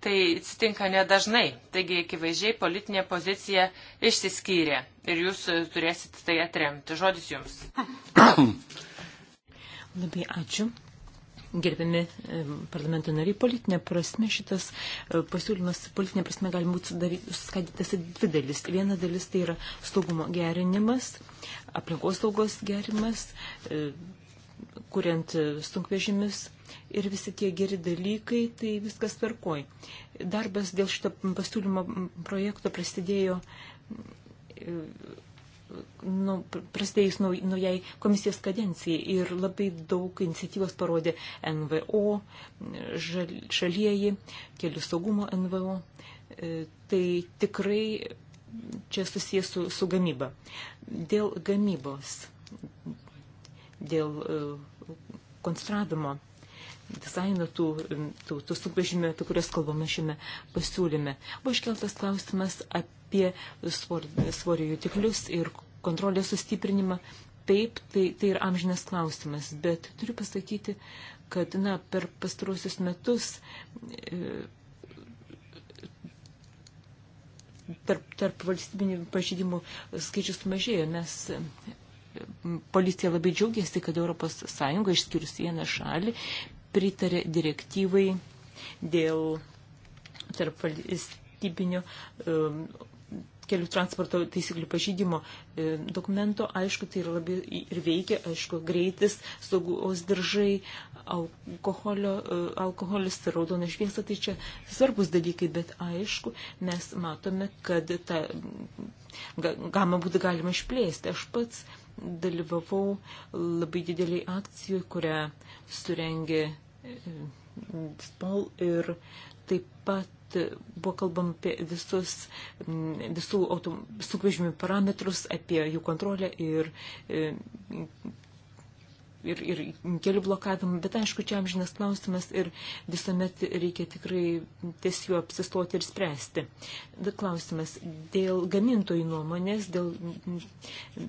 Tai atsitinka nedažnai, taigi akivaizdžiai politinė pozicija išsiskyrė ir jūs turėsit tai atremti. Žodis jums. Labai ačiū gerbiami e, parlamento nariai, politinė prasme šitas e, pasiūlymas, politinė prasme gali būti suskaidytas į dvi dalis. Viena dalis tai yra saugumo gerinimas, aplinkos saugos gerimas, e, kuriant sunkvežimis ir visi tie geri dalykai, tai viskas tvarkoj. Darbas dėl šito pasiūlymo projekto prasidėjo nu, prasidėjus naujai komisijos kadencijai ir labai daug iniciatyvos parodė NVO, žal, šalieji, kelių saugumo NVO. E, tai tikrai čia susijęs su, su gamyba. Dėl gamybos, dėl e, konstravimo dizaino tų, tų, tų sunkvežimių, apie kurias kalbame šiame pasiūlyme, buvo iškeltas klausimas apie apie svorio jutiklius ir kontrolės sustiprinimą. Taip, tai, tai ir amžinas klausimas, bet turiu pasakyti, kad na, per pastarosius metus e, tarp, tarp valstybinių pažydimų skaičius sumažėjo. Mes policija labai džiaugiasi, kad Europos Sąjunga išskyrus vieną šalį pritarė direktyvai dėl tarp valstybinio um, e, kelių transporto taisyklių pažydimo e, dokumento, aišku, tai yra labai ir veikia, aišku, greitis, saugos diržai, alkoholio, e, alkoholis ir raudona šviesa, tai čia svarbus dalykai, bet aišku, mes matome, kad tą gamą būtų galima išplėsti. Aš pats dalyvavau labai dideliai akcijai, kurią surengė e, Spol ir taip pat buvo kalbam apie visus, visų sunkvežimių parametrus, apie jų kontrolę ir e, ir, ir kelių blokavimą, bet aišku, čia amžinas klausimas ir visuomet reikia tikrai ties juo apsistoti ir spręsti. Klausimas dėl gamintojų nuomonės, dėl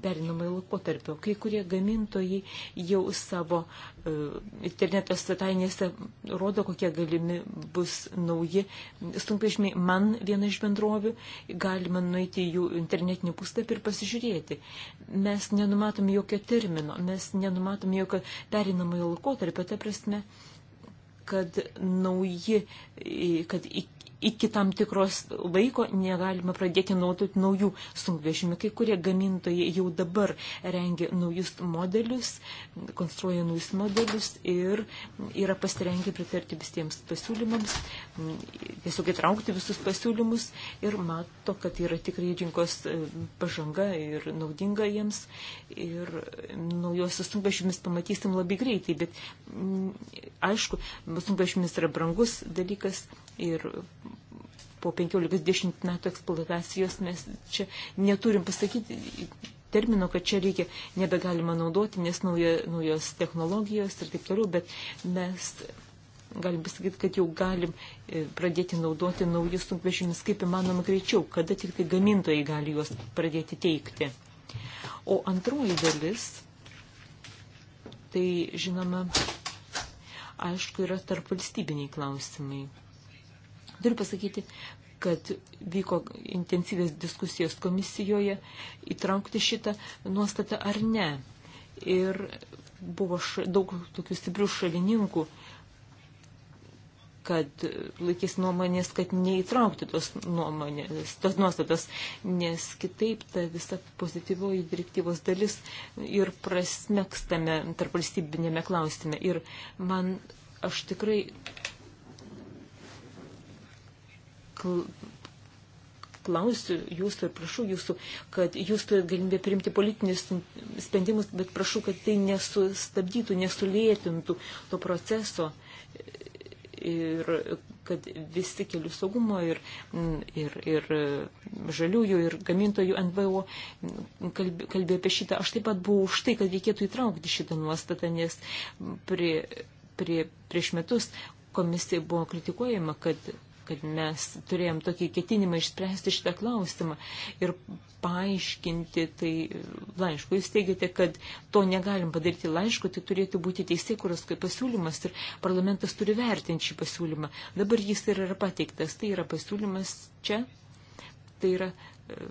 perinamai laikotarpio. Kai kurie gamintojai jau savo E, interneto svetainėse rodo, kokie galimi bus nauji sunkvežimiai. Man viena iš bendrovių, galima nueiti į jų internetinį puslapį ir pasižiūrėti. Mes nenumatome jokio termino, mes nenumatome jokio perinamojo laikotarpio, ta prasme, kad nauji, e, kad į iki tam tikros laiko negalima pradėti naudoti naujų sunkvežimių. Kai kurie gamintojai jau dabar rengia naujus modelius, konstruoja naujus modelius ir yra pasirengę pritarti visiems pasiūlymams, tiesiog įtraukti visus pasiūlymus ir mato, kad yra tikrai rinkos e, pažanga ir naudinga jiems. Ir naujosius sunkvežimius pamatysim labai greitai, bet aišku, sunkvežimis yra brangus dalykas Ir po 15-10 metų eksploatacijos mes čia neturim pasakyti termino, kad čia reikia nebegalima naudoti, nes nauja, naujos technologijos ir taip toliau, bet mes galim pasakyti, kad jau galim e, pradėti naudoti naujus sunkvežimius kaip įmanoma greičiau, kada tik tai gamintojai gali juos pradėti teikti. O antroji dalis, tai žinoma, aišku, yra tarp valstybiniai klausimai. Turiu pasakyti, kad vyko intensyvės diskusijos komisijoje įtraukti šitą nuostatą ar ne. Ir buvo š, daug tokių stiprių šalininkų, kad laikys nuomonės, kad neįtraukti tos nuomonės, tos nuostatos, nes kitaip ta visa pozityvioji direktyvos dalis ir prasmekstame tarp valstybinėme klausime. Ir man aš tikrai klausiu jūsų ir prašau jūsų, kad jūs turite galimybę priimti politinius sprendimus, bet prašau, kad tai nesustabdytų, nesulėtintų to proceso ir kad visi kelių saugumo ir, ir, ir žaliųjų ir gamintojų NVO kalbė, kalbė apie šitą. Aš taip pat buvau už tai, kad reikėtų įtraukti šitą nuostatą, nes prie, prie, prieš metus komisija buvo kritikuojama, kad kad mes turėjom tokį ketinimą išspręsti šitą klausimą ir paaiškinti, tai e, laišku, jūs teigiate, kad to negalim padaryti laišku, tai turėtų būti teisėkuros kaip pasiūlymas ir parlamentas turi vertinti šį pasiūlymą. Dabar jis ir yra pateiktas, tai yra pasiūlymas čia, tai yra e,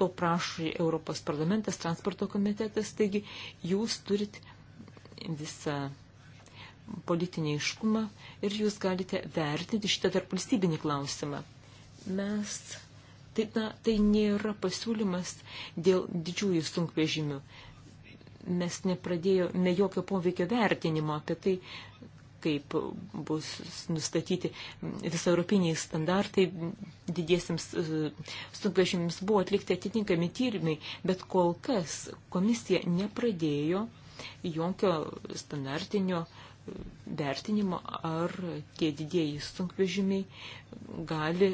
to prašo Europos parlamentas, transporto komitetas, taigi jūs turit visą politinį iškumą ir jūs galite vertinti šitą tarp valstybinį klausimą. Mes, tai, na, tai nėra pasiūlymas dėl didžiųjų sunkvežimių. Mes nepradėjome jokio poveikio vertinimo apie tai, kaip bus nustatyti visauropiniai standartai didiesiams e, sunkvežimiams buvo atlikti atitinkami tyrimai, bet kol kas komisija nepradėjo jokio standartinio uh, vertinimo, ar tie didieji sunkvežimiai gali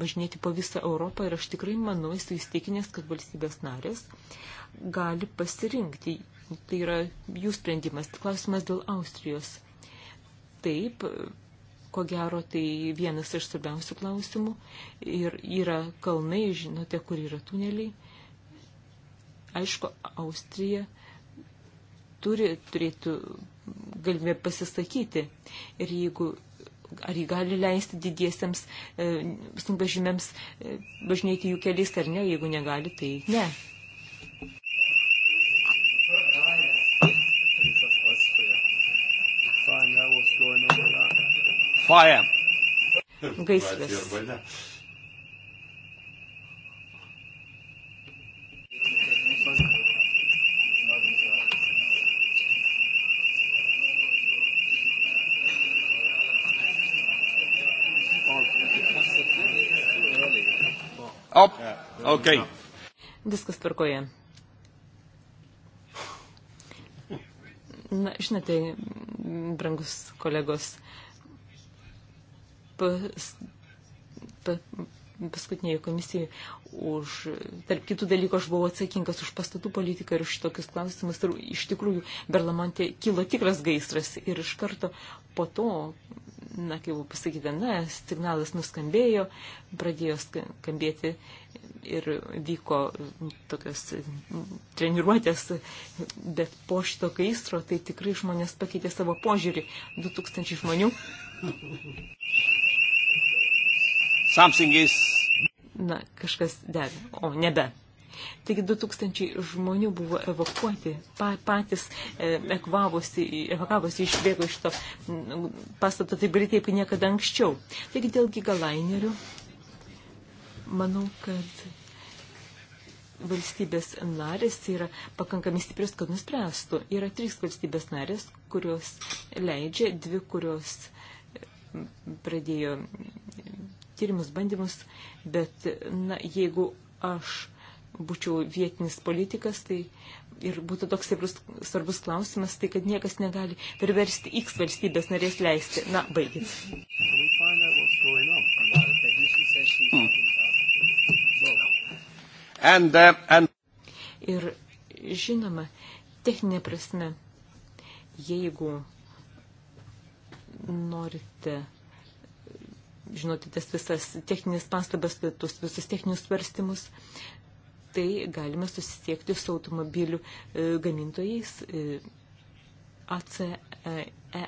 važinėti po visą Europą ir aš tikrai manau, esu įstikinęs, kad valstybės narės gali pasirinkti. Tai yra jų sprendimas. Klausimas dėl Austrijos. Taip, ko gero, tai vienas iš svarbiausių klausimų. Ir yra kalnai, žinote, kur yra tuneliai. Aišku, Austrija turi turėti galimybę pasisakyti. Ir jeigu, ar jį gali leisti didiesiems e, sunkvežimėms e, važinėti jų keliais ar ne, jeigu negali, tai ne. Fire. Gaisras. Okay. Viskas tvarkoje. Na, žinote, brangus kolegos, pas, pa, paskutinėje komisijoje už, tarp kitų dalykų, aš buvau atsakingas už pastatų politiką ir už tokius klausimus. Ir iš tikrųjų, Berlamonte kilo tikras gaisras ir iš karto po to, na, kaip buvo pasakyta, na, signalas nuskambėjo, pradėjo skambėti ir vyko tokios treniruotės, bet po šito gaisro tai tikrai žmonės pakeitė savo požiūrį. 2000 žmonių. Something is. Na, kažkas dega. O, nebe. Taigi 2000 žmonių buvo evakuoti, pa, patys e, ekvavosi, evakavosi, išbėgo iš to pastato, tai Britija kaip niekada anksčiau. Taigi dėl gigalainerių, manau, kad valstybės narės yra pakankamai stiprios, kad nuspręstų. Yra trys valstybės narės, kurios leidžia, dvi, kurios pradėjo tyrimus, bandymus, bet na, jeigu aš būčiau vietinis politikas, tai ir būtų toks svarbus, svarbus klausimas, tai kad niekas negali priversti X valstybės narės leisti. Na, baigit. And, uh, and... Ir žinoma, techninė prasme, jeigu norite žinote, tas visas techninis pastabas, tus visus techninius svarstymus, tai galime susisiekti su automobilių e, gamintojais. ACEA e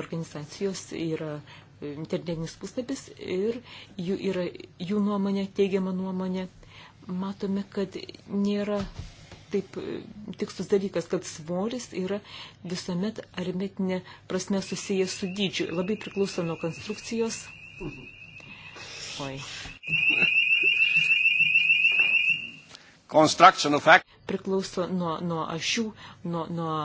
organizacijos yra e, internetinis puslapis ir jų, yra, jų nuomonė, teigiama nuomonė. Matome, kad nėra taip tikslus dalykas, kad svoris yra visuomet arimetinė prasme susijęs su dydžiu. Labai priklauso nuo konstrukcijos Oi. Priklauso nuo, nuo ašių, nuo, nuo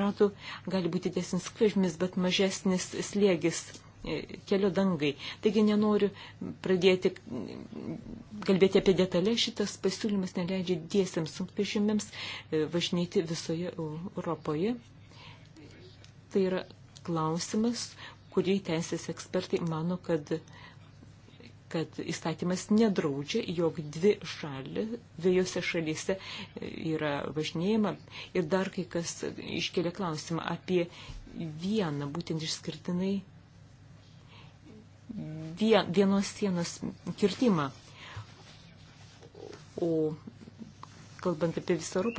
ratų, gali būti didesnis skvežmis, bet mažesnis slėgis e, kelio dangai. Taigi nenoriu pradėti mm, kalbėti apie detalę, šitas pasiūlymas neleidžia diesiams sunkvežimėms e, važinėti visoje Europoje. Tai yra klausimas, kurį teisės ekspertai mano, kad, kad įstatymas nedraudžia, jog dvi šali, dviejose šalyse yra važinėjama ir dar kai kas iškelia klausimą apie vieną būtent išskirtinai vien, vienos sienos kirtimą. O kalbant apie visą Europą,